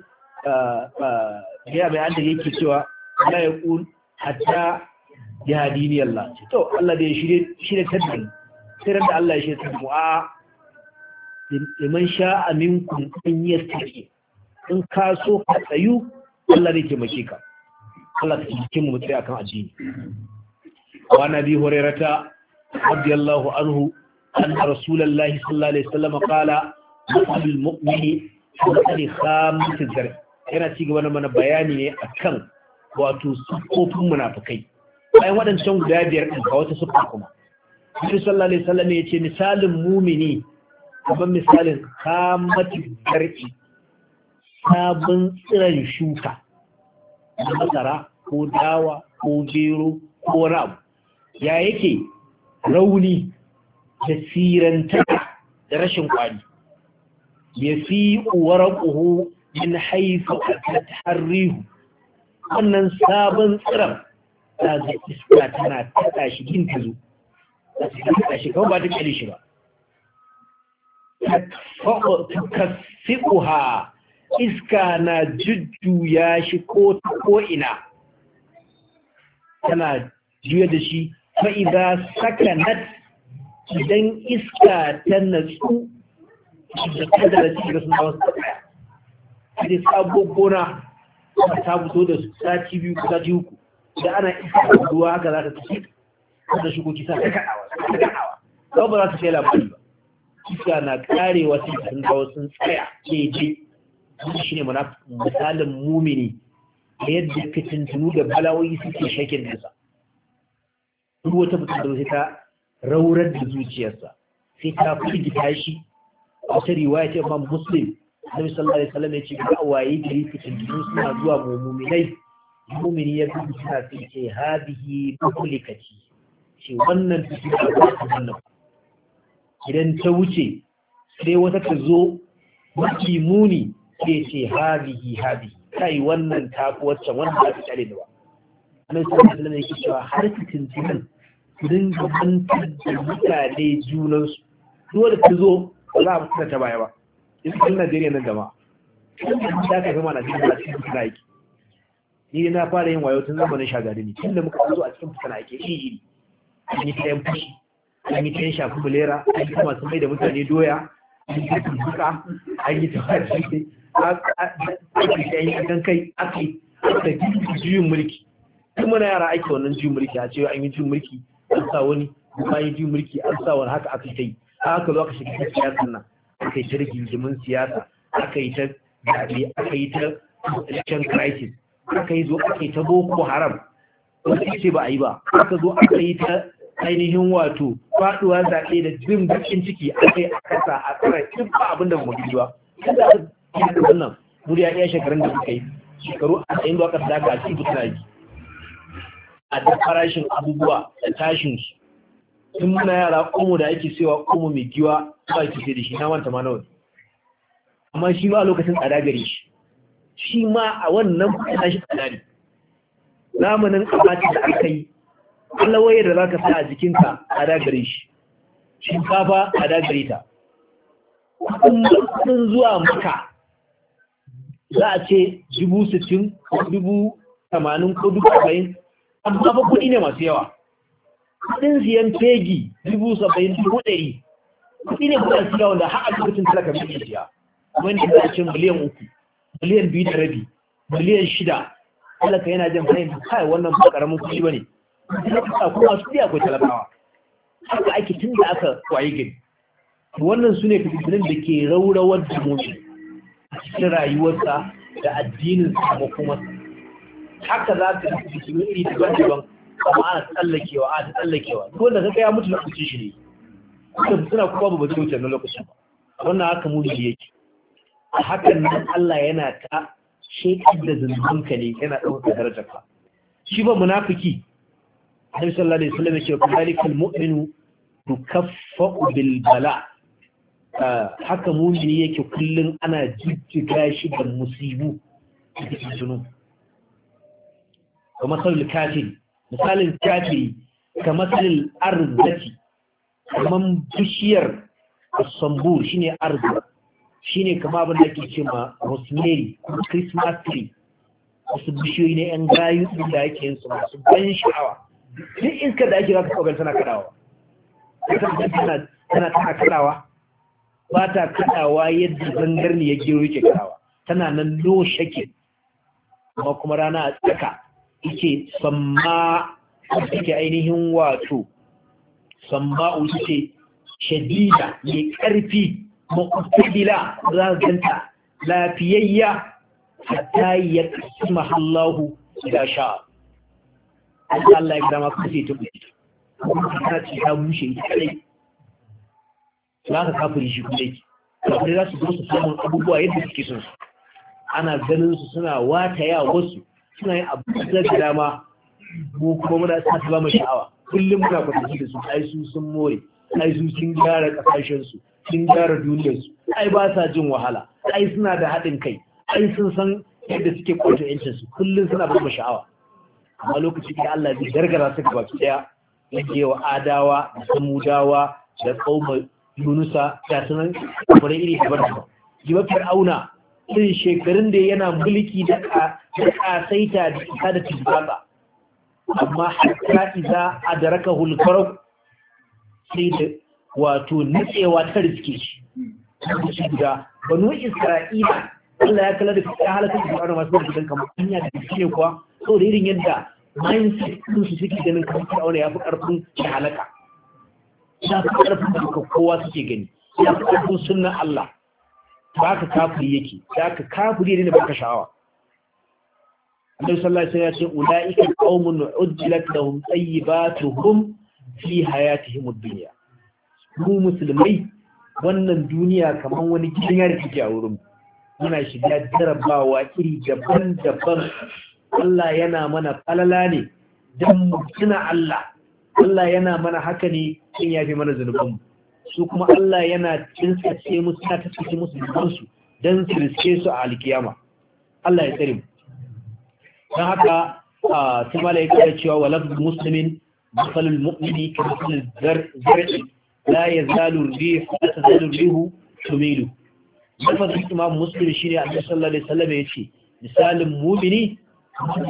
ah, ah, ya mai an da yake cewa ya ƙun hatta ya hadini Allah ce to Allah da ya shirya tabbani sai da Allah ya shirya tabbani a liman sha aminkum an yastaqi in ka so ka tsayu Allah ne mace ka Allah ka taimake mu tsaya kan addini wa na nabi hurairata radiyallahu anhu أن رسول الله صلى الله عليه وسلم قال مقبل المؤمن حسن خامس الزرع yana ci gaba mana bayani ne a kan, wato sufofin munafukai bayan waɗancan guda biyar ɗin ka wata sufa kuma Nabi sallallahu alaihi wasallam ya ce misalin mumini kamar misalin kamati garki sabon tsiran shuka na masara ko dawa ko gero ko rabu ya yake rauni da siranta da rashin kwani ya fi waraquhu min haythu atat harrihu wannan sabon tsiran za iska tana taɗa shi gin ta zo za su taɗa shi kawai ba ta kyale shi ba Ka fi takasiquha iska na jujjuya shi ko ta ko'ina tana juya da shi fa'iza sakanat idan iska ta natsu da kada da cikin suna wasu ɗaya. a da sabon gona ta fito da su, sati biyu ko sati uku da ana isa ruwa haka za ta tafi da shigo kisa ta kaɗawa ta kaɗawa ba za ta kai labari ba kisa na karewa sai sun kawo sun tsaya ke je shi ne mana misalin mumini da yadda fitintunu da balawoyi suke shakin nasa duk wata mutum sai ta raurar da zuciyarsa sai ta firgita shi a wata riwaya ta imam muslim Nabi sallallahu alaihi wasallam ya ce ga waye gari fitintunu suna zuwa muminai mumini ya fi ta fi ce hadihi mukulikaci ce wannan fitina ba ta wannan idan ta wuce sai wata ta zo maki muni sai ce hadihi hadihi kai wannan ta fi waccan wanda ba ta tsare da ba annabi sallallahu alaihi wasallam yake cewa har fitintinan su dinga mantar da mutane junansu duk wanda ta zo ba za a fitina ta baya ba yanzu kan Najeriya nan gaba. Yanzu ta kafa ma Najeriya ba cikin suna yake. ni na fara yin wayo tun zamanin shagari ne tun da muka zo a cikin fitana ake iri an yi kayan fashi an yi kayan shafi bulera an yi masu mai da mutane doya an yi kayan duka an yi tawaji ake kayan yankan kai aka yi aka yi juyin mulki tun muna yara ake wannan juyin mulki a cewa an yi juyin mulki an sa wani kuma an yi juyin mulki an sa wani haka aka yi haka zo aka shiga siyasa nan aka yi ta rigimin siyasa aka yi ta zaɓe aka yi ta election crisis aka yi zo aka ta boko haram wasu ce ba a yi ba aka zo aka yi ta ainihin wato faduwa zaɓe da jin bakin ciki aka yi a kasa a tsara in ba abin da mu ba yadda aka yi da wannan murya iya shekarun da suka yi shekaru a tsayin da aka daga a cikin yi a da farashin abubuwa da tashin su Tun muna yara kuma da ake sewa kuma mai giwa ba ki sai da shi na manta ma nawa amma shi ba lokacin tsada gare shi shi ma a wannan kuɗin shi tsanani zamanin ƙafaci da aka yi allawayar da za ka sa a jikinka a dagare shi shinkafa a dagare ta kuɗin zuwa maka za a ce dubu sittin ko dubu tamanin ko dubu arba'in amma fa kuɗi ne masu yawa kuɗin siyan fegi dubu sabayin dubu ɗari kuɗi ne kudin siya wanda har a lokacin talaka mai siya wani da cin miliyan uku miliyan biyu da rabi miliyan shida alaka yana jan fahimta kai wannan ba karamin kuɗi ba ne kuma su biya ko talakawa haka ake tun da aka waye gari wannan su ne fitilin da ke raurawar da a cikin rayuwarsa da addinin sa kuma haka za ka yi fitilin iri daban-daban amma ana tsallakewa ana tsallakewa wanda ka ya mutu lokacin shi ne kuma suna kuma ba zai wuce na lokacin ba wannan haka mu yake a hakan nan Allah yana ta shekar da zunubanka ne yana ɗaukar darajar ka shi ba munafiki Annabi sallallahu alaihi ya yake kuma zalikal mu'minu tukaffa bil bala ah, haka mumini yake kullum ana jijjiga shi da musibu a cikin sunu kamar salil kafiri misalin kafiri kamar salil arzati kamar bishiyar sambur shine arzu shine kama abin da ake cewa rosemary ko christmas tree wasu bishiyoyi na yan gayu da ake yin su masu ban sha'awa duk iskar da ake za ta kogar tana kadawa tana tana kadawa ba ta kadawa yadda zangar ne ya gero yake kadawa tana nan no shakin amma kuma rana a tsaka yake samma yake ainihin wato samma'u ce shadida mai karfi muqtabila za ka ganta lafiyayya hatta ya kasima Allahu ila sha Allah ya dama kace ta buɗe kuma ta ce ta bushe kai za ka kafiri shi kuma yake kafiri za su zo su samun abubuwa yadda suke son su ana ganin su suna wataya wasu suna yin abu da dama mu kuma muna sa su ba mu sha'awa kullum muna kwatanci da su ai su sun more ai su sun gyara kasashen su sun gyara duniyarsu ai ba sa jin wahala ai suna da haɗin kai ai sun san yadda suke kwato yancinsu kullum suna ba sha'awa amma lokaci da Allah zai gargara su gaba daya yake wa adawa da samudawa da kauma yunusa da sunan kamar iri daban daban jiba fir'auna irin shekarun da yana mulki da kasaita da isa da tijjaba amma hatta iza adaraka hulkarau sai da wato nutsewa ta riske shi lokaci guda banu isra'ila Allah ya kalla da ya halaka da Qur'ani masu da gidan kamar hanya da shi ne kuwa so da irin yadda mindset din su suke ganin kamar Qur'ani ya fi karfin da halaka ya fi karfin da kowa suke gani ya fi karfin sunnan Allah ba ka kafiri yake ya ka kafiri ne ba ka sha'awa Annabi sallallahu alaihi wasallam ya ce ulaika qaumun udjilat lahum tayyibatuhum fi hayatihim ad-dunya mu musulmai wannan duniya kamar wani gidan yari take a wurin muna shiga jarabawa iri daban-daban Allah yana mana falala ne don mu tuna Allah Allah yana mana haka ne in yafi mana zunubanmu su kuma Allah yana mu musu ta tsintsace musu zunubansu don su riske su a alkiyama Allah ya tsare mu don haka a mala ya cewa wa musulmin muslimin masalul mu'mini kamar zarafi. la yazalu rih la tazalu rihu tumilu lafazin imam muslim shine annabi sallallahu alaihi wasallam yace misalin mumini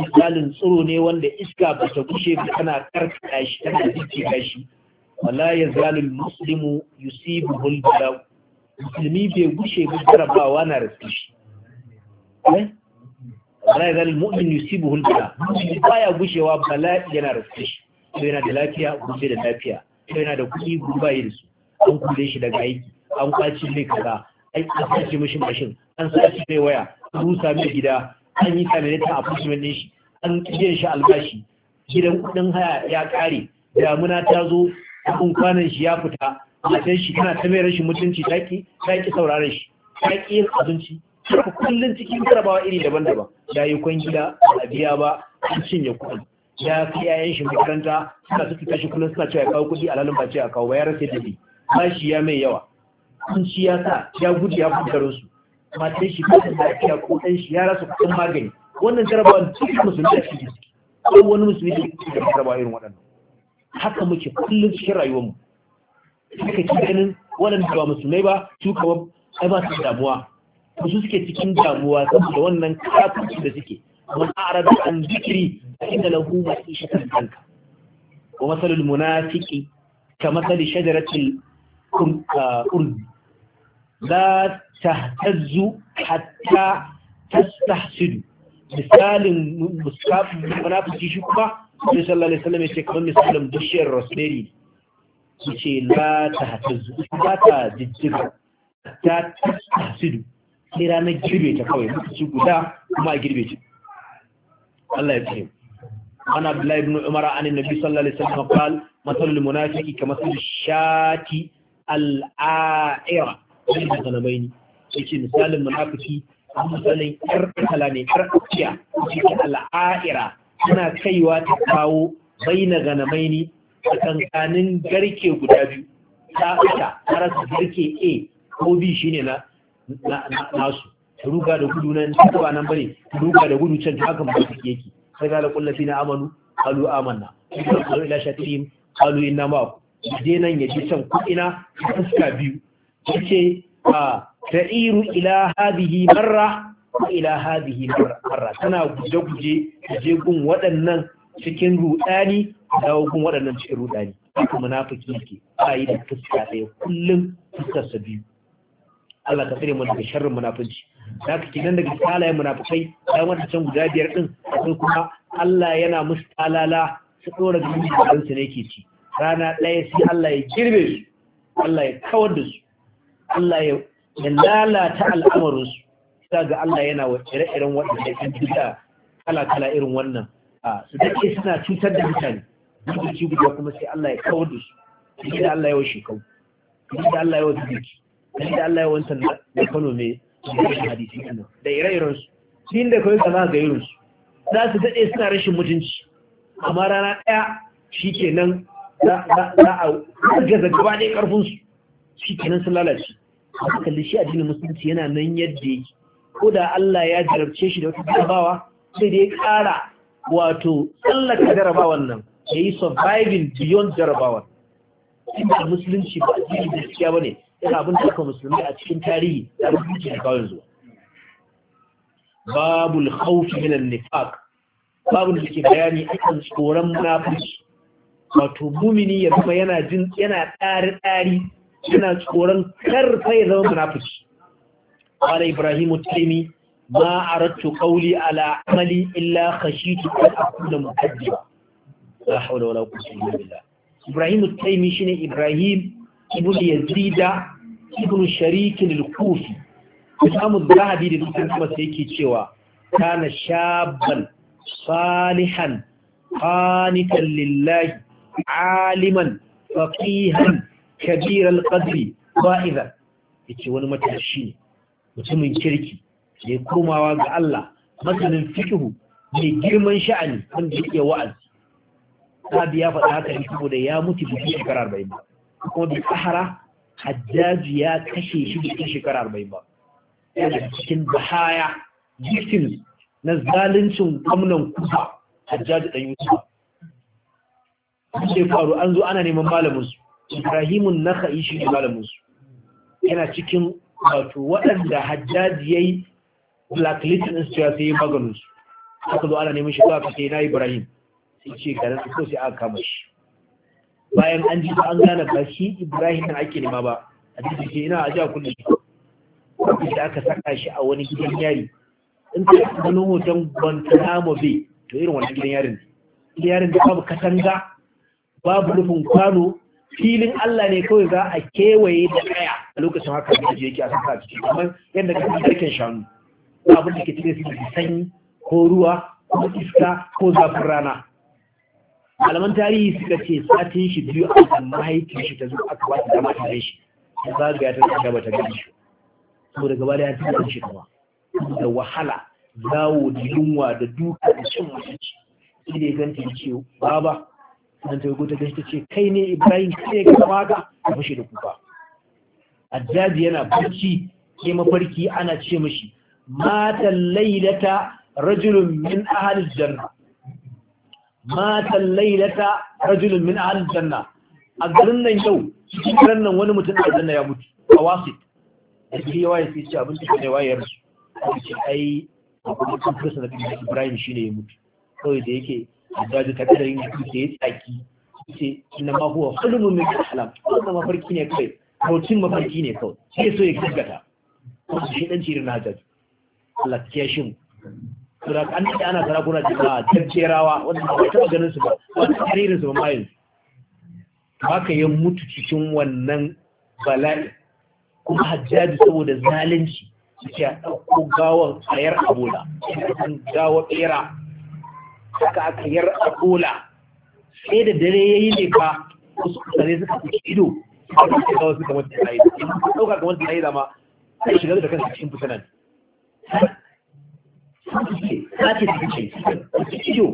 misalin tsiro ne wanda iska ba ta kushe ba tana karkata shi tana jike shi wala yazalu almuslimu yusibuhu albala musulmi bai gushe ba jarabawa na rasu shi wala yazalu almu'min yusibuhu albala baya gushewa bala'i yana rasu shi yana da lafiya gobe da lafiya yana da kuɗi guba yi da su an kule shi daga aiki an kwaci mai kaza an sace mishi mashin an sace mai waya an rusa mai gida an yi kaminata a fushimin ɗin shi an biyan shi albashi gidan kuɗin haya ya ƙare damuna ta zo abin kwanan shi ya fita matan shi tana ta mai rashin mutunci ta ki ta ki sauraron shi ta ki yin abinci kullum cikin jarabawa iri daban-daban ya yi kwan gida ba a biya ba an cinye kuɗi ya kai yayan shi makaranta suna suka fita shi suna cewa ya kawo kuɗi alalin ba ce a kawo ba ya rasa dabi ba shi ya mai yawa sun shi ya sa ya gudu ya fitaro su matan shi ta lafiya ko ɗan shi ya rasa kuɗin magani wannan jarabawa duk musulmi a cikin ciki ko wani musulmi da ke da jarabawa irin waɗannan haka muke kullum cikin rayuwarmu suka ci ganin waɗanda ba musulmai ba su kama ai ba su damuwa su suke cikin damuwa saboda wannan kafin da suke ومن أعرض عن ذكري فإن له معيشة عنك ومثل المنافق كمثل شجرة الأرز لا تهتز حتى تستحسد مثال منافق شكبة صلى الله عليه وسلم يقول مثال بشير رسميري yace la ta hatazu ba ta jijjiga ta tasiru sai ranar girbe ta kawai lokaci guda kuma a girbe ta Allah ya fi عن عبد الله بن عمر عن النبي صلى الله عليه وسلم قال shati, al'a'ira. كمثل da العائرة بين الغنمين yake misalin munafiki a misalin yar kala ne yar akiya al'aira tana kaiwa ta kawo baina ganamaini tsakankanin garke guda biyu ta ita garke a ko b shine na nasu ta ruga da gudu nan ta ba nan bane ta ruga da gudu can haka ba take yake sai ga kullafi na amanu qalu amanna qalu ila shatim qalu inna ma je nan yaji can ku ina fuska biyu yace a ta'iru ila hadhihi marra ila hadhihi marra tana guje guje je gun waɗannan cikin rudani dawo gun waɗannan cikin rudani haka munafiki yake ayi da fuska ɗaya kullum fuskarsa biyu Allah ka tsare mu daga sharrin munafunci. da ka nan daga halayen munafikai bayan can guda biyar din akwai kuma Allah yana musu talala su dora gumi da su ne ke ci rana ɗaya sai Allah ya girbe su Allah ya kawar da su Allah ya lalata al'amarin su sai ga Allah yana wa ire-iren waɗanda kan kala-kala irin wannan su dake suna cutar da mutane ci guda kuma sai Allah ya kawar da su da Allah ya wa shekau da Allah ya wa zuci kan da Allah ya wancan da Kano me hadisi nan da ire-iren su din da kawai ga irin su za su dade suna rashin mutunci amma rana daya shikenan za a gaza gaba da karfin su shikenan sun lalace amma kalli shi addinin musulunci yana nan yadda yake ko da Allah ya jarabce shi da wata jarabawa sai dai ƙara wato tsallaka jarabawan nan ya yi surviving beyond jarabawan Shi musulunci ba a da gaskiya ba ne irin abin da aka musulmi a cikin tarihi da rubuci da kawai zuwa babul khawfi min an-nifaq babun da ke bayani akan tsoron munafiki wato mumini ya zama yana jin yana tsari tsari yana tsoron karfa ya zama munafiki qala ibrahim at-taymi ma aradtu qawli ala amali illa khashitu an akuna mukadziba la hawla wala quwwata illa billah ibrahim at shine ibrahim ibn yazida ibn sharikin al-kufi imamu zahabi da dukkan kuma sai yake cewa kana shabban salihan qanitan lillahi aliman faqihan kabir al-qadri ba'idan yace wani matashi ne mutumin kirki da komawa ga Allah masanin fituhu mai girman sha'ani wanda yake wa'azi sabi ya faɗa haka ne saboda ya mutu da shekara 40 kuma bi kahara hajjaji ya kashe shi cikin shekara arba'in ba yana cikin bahaya victims na zaluncin gwamnan kusa hajjaji ɗan yusufa sai faru an zo ana neman malaminsu ibrahimun na ka'i shi ne malaminsu yana cikin wato waɗanda hajjaji ya yi blacklistin ɗin cewa sai yi maganinsu aka zo ana neman shi kawai ke na ibrahim sai ce garin ko sai aka kama shi bayan an ji ba, an gane ba shi Ibrahim na ake nema ba a cikin shi ina a kullu shi da aka saka shi a wani gidan yari in ka ganin hoton Guantanamo Bay to irin wani gidan yarin ne yarin da babu katanga babu rufin kwano filin Allah ne kawai za a kewaye da kaya a lokacin haka da yake a saka ciki kamar yadda kake dakin shanu abin da ke cire da sanyi ko ruwa ko iska ko zafin rana malaman tarihi suka ce satin shi biyu a kan mahaifin shi ta zo aka ba ta dama tare shi ta zagaya ta zagaya ba ta gani shi so daga baya ya tura shi kuma da wahala zawo da yunwa da duka da cin mutunci shi ne ganta ya ce baba nan ta ta gashi ta ce kai ne ibrahim kai ne ga maka a fashe da kuka ajaji yana barci ke mafarki ana ce mashi matan lailata rajulun min ahalin janna matan lailata rajulun min ahal janna a garin nan yau cikin garin nan wani mutum a janna ya mutu a wasit da ke yawa ya ce abin da ke waye ya rasu a ce ai a kuma kan kirsa na bin ibrahim shi ne ya mutu kawai da yake a daji ta kadarin da ke ya tsaki ce inna ma huwa hulmun min ahlam wannan mafarki ne kai kaucin mafarki ne kawai sai so ya kirgata Kuma shi dan cirin hajjaj Allah ya shi mu sura an da ana sarakuna da jajjerawa wanda ba ta ganin su ba wanda tarihin su ba ma yanzu haka ya mutu cikin wannan bala'i kuma hajjaji saboda zalunci suke ɗauko gawar tsayar abola sun gawa ɓera haka aka yar abola sai da dare ya yi ne ba wasu kusare suka fi ido suka fi gawa suka wata tsaye da ɗauka ga wata tsaye da ma sai shigar da kansa cikin fitanan sun ce ta ce da kake suka ido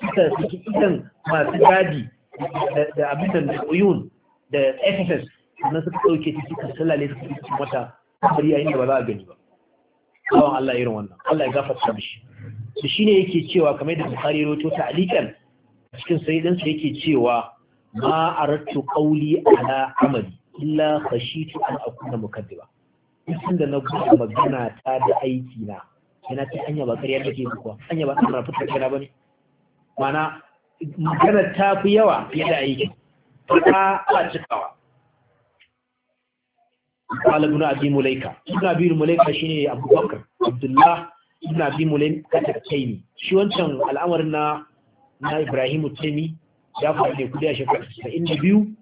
suka suke idan masu gadi da abin da uyun da fss na suka ɗauke ta suka sallale suka yi cikin wata kamar yayin da ba za a gani ba kawon Allah irin wannan Allah ya gafarta mishi su shine yake cewa kamar da Bukhari roto ta alikan cikin sahihin sa yake cewa ma aradtu qawli ala amali illa khashitu an akuna mukaddiba tun da na gudu magana ta da aiki na yana ta anya ba ƙarya nake yi kuwa anya ba kana fitar ba ne? mana magana ta fi yawa fiye da aiki ta a cikawa قال ابن ابي مليكه ابن ابي مليكه shine Abu Bakar Abdullah ibn abi mulaika taimi shi wancan al'amarin na na Ibrahim Taimi ya faru ne kudi a shekara 92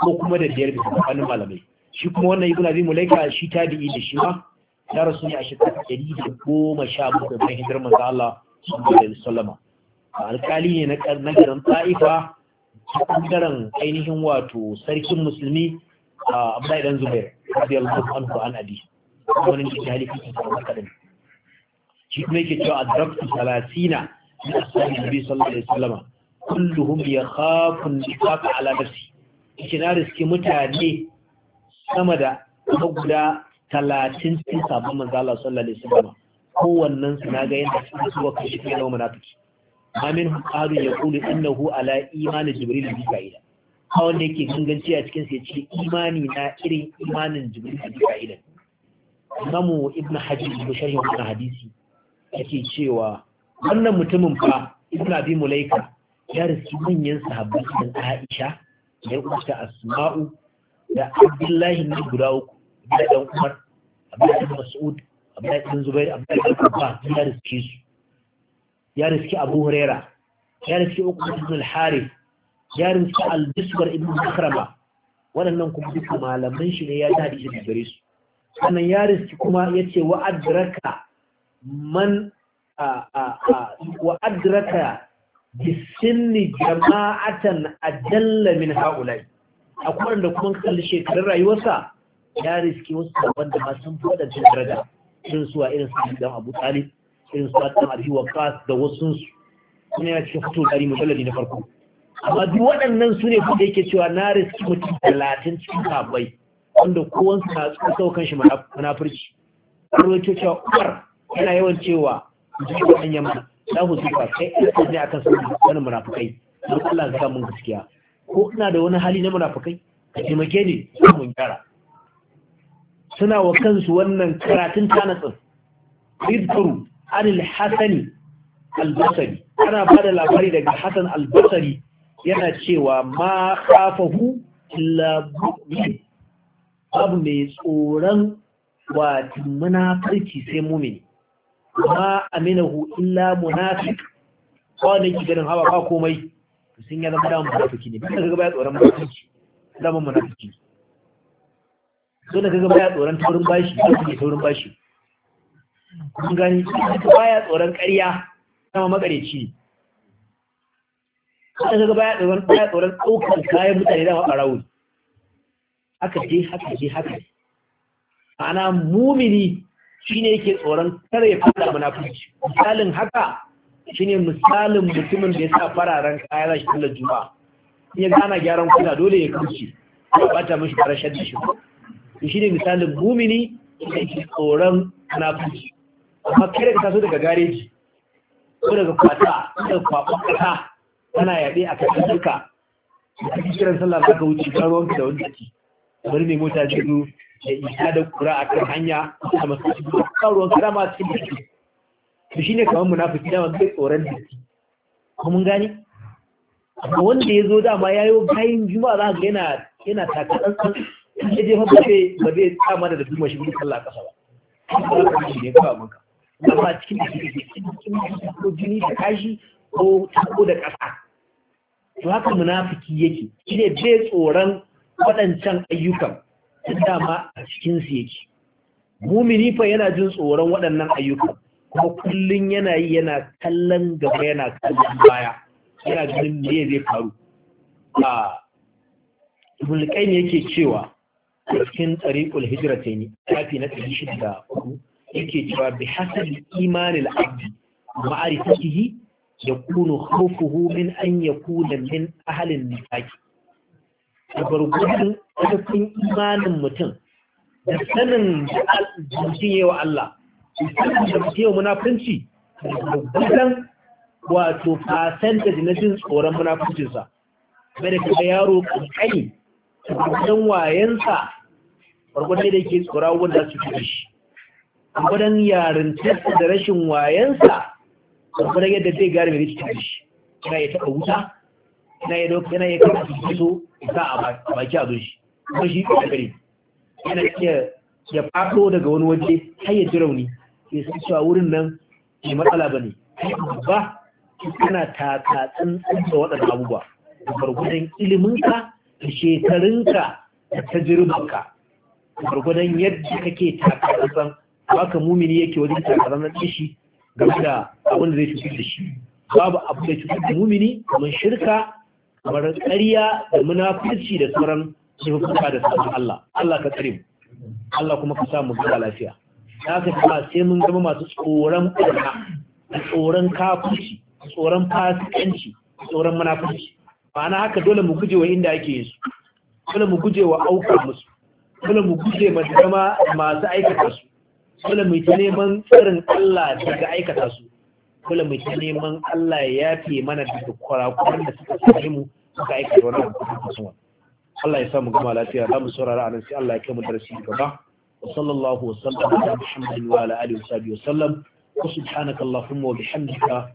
ko kuma da biyar bisa tsakanin malamai shi kuma wannan ibn abi mulaika shi ta tabi'i da shi ma ya rasu ne a shekara ɗari da goma sha bakwai bayan hijirar manzo Allah sallallahu alaihi wasallama alkali ne na garin Ta'ifa ta ɓangaren ainihin wato sarkin musulmi a Abdullahi dan Zubair radiyallahu anhu an abi wani da halifa ta samu kadan shi kuma yake cewa adraktu salatina min ashabi nabi sallallahu alaihi wasallama kulluhum yakhafu nifaqa ala nafsi yake na riske mutane sama da guda talatin cikin sabon manzo Allah sallallahu alaihi wasallam kowannen su naga yana cikin suwa shi kai na munafiki ma min qalu yaqulu innahu ala imani jibril bi ka'ida ha wanda yake ganganci a cikin sai ce imani na irin imanin jibril bi ka'ida namu ibnu hajji bi sharhi wannan hadisi yake cewa wannan mutumin fa ibnu abi mulaika ya rasu manyan sahabbai da Aisha da uwarta Asma'u da Abdullahi ne guda uku da dan Umar abdullahi ibn mas'ud abdullahi ibn zubair abdullahi ibn abbas ya riske su ya riske abu huraira ya riske uku ibn al-harith ya riske al-bisbar ibn makrama waɗannan kuma duka malaman shi ne ya ta da da gare su sannan ya riske kuma ya ce wa adraka man wa adraka bisinni jama'atan ajalla min haulai akwai wanda kuma kalli shekarun rayuwarsa ya riski wasu sabon da sun fada waɗancan daraja irin suwa irin su dan abu talib irin su dan abi waqas da wasu su kuma yana cikin fito dari mujalladi na farko amma duk waɗannan su ne kuma yake cewa na riski mutum talatin cikin sabai wanda kowansu na tsoka saukan shi munafurci har wato cewa uwar yana yawan cewa ji wa hanyar yamma. za ku zuwa kai ɗan ne a kan sun wani munafukai don Allah ga mun gaskiya ko ina da wani hali na munafukai ka taimake ni mun gyara suna wa kansu wannan karatun tanatsin rizkaru anil hasani albasari ana ba da labari daga hasan albasari yana cewa ma kafahu illa babu mai tsoron wato munafirci sai mumini ma aminahu illa munafiq wanda yake ganin hawa ba komai sun ya zama damar munafiki ne bisa gaba ya tsoron munafiki zama munafiki so da kaga baya tsoron taurin bashi ko kuma taurin bashi kun gani baya tsoron ƙarya sama makareci so da kaga baya tsoron baya tsoron ɗaukar kayan mutane da ɓarawo haka dai haka dai haka ana mumini shine yake tsoron kare ya fada munafiki misalin haka shine misalin mutumin da ya sa fararen kaya shi sallar juma'a in ya gana gyaran kula dole ya kauce ya bata mishi farashar da shi shi ne misalin mumini da yake tsoron munafiki amma kare ka taso daga gareji ko daga kwata daga kwakwan kasa Tana yaɗe a kan duka da kake kiran sallah za ka wuce kan ruwanka da wani wani mai mota zai zo da isa da kura a kan hanya a masu kan ruwanka dama a cikin jiki to ne kamar munafiki dama zai tsoron jiki ko mun gane amma wanda ya zo dama ya yi bayan juma'a za ka yana yana takatsantsan in ya je ba zai ba zai tsama da duma shi gudun kalla kasa ba ba shi ne ba maka amma cikin da cikin ko jini da kashi ko tako da kasa to haka munafiki yake shi ne bai tsoron waɗancan ayyukan da dama a cikin su yake mumini fa yana jin tsoron waɗannan ayyukan kuma kullum yana yi yana kallon gaba yana kallon baya yana ganin me zai faru a ah, mulkai yake cewa cikin tsariƙul hijirata ne tafi na ɗari shida uku yake cewa bi hasabi imanin abdi ma'arifatihi da kunu khawfuhu min an yakuna min ahalin nifaqi da gurgurdun ƙarfin imanin mutum da sanin da mutum yi wa Allah da sanin da mutum yi wa munafunci da gurgurdun wato fasan na jin tsoron munafuncinsa bai da kaga yaro kankani gwargwadon wayensa gwargwadon da ke tsora wanda su fi shi gwargwadon yarintarsa da rashin wayensa gwargwadon yadda zai gari mai cikin shi yana ya taɓa wuta yana ya dauka yana ya kama su fito isa a baki a zuci kuma shi a gare yana iya ya faɗo daga wani waje har ya ji rauni ya san cewa wurin nan ke matsala ba ne ba kana taka tsantsan da waɗannan abubuwa da gwargwadon iliminka da shekarunka da ka, gwargwadon yadda kake takarar baka mumini yake wajen takarar nan shi game da abin da zai cutar da shi babu abu da cutar da mumini kamar shirka kamar ƙarya da munafurci da sauran shirkuka da sauran Allah Allah ka tsare mu Allah kuma ka sa mu ga lafiya haka kuma sai mun zama masu tsoron ƙarya tsoron kafirci tsoron fasikanci tsoron munafurci ma'ana haka dole mu guje wa inda ake yin su dole mu guje wa auka musu dole mu guje ma masu aikata su dole mu ta neman tsarin Allah daga aikata su dole mu ta neman Allah ya yafe mana daga kurakuran da suka sami mu suka aikata wannan kusurwa Allah ya samu gama lafiya da mu saurara a nan sai Allah ya kai mu darasi gaba wa sallallahu wa sallam ala muhammadin wa ala alihi wa sahbihi wa sallam wa subhanaka wa bihamdika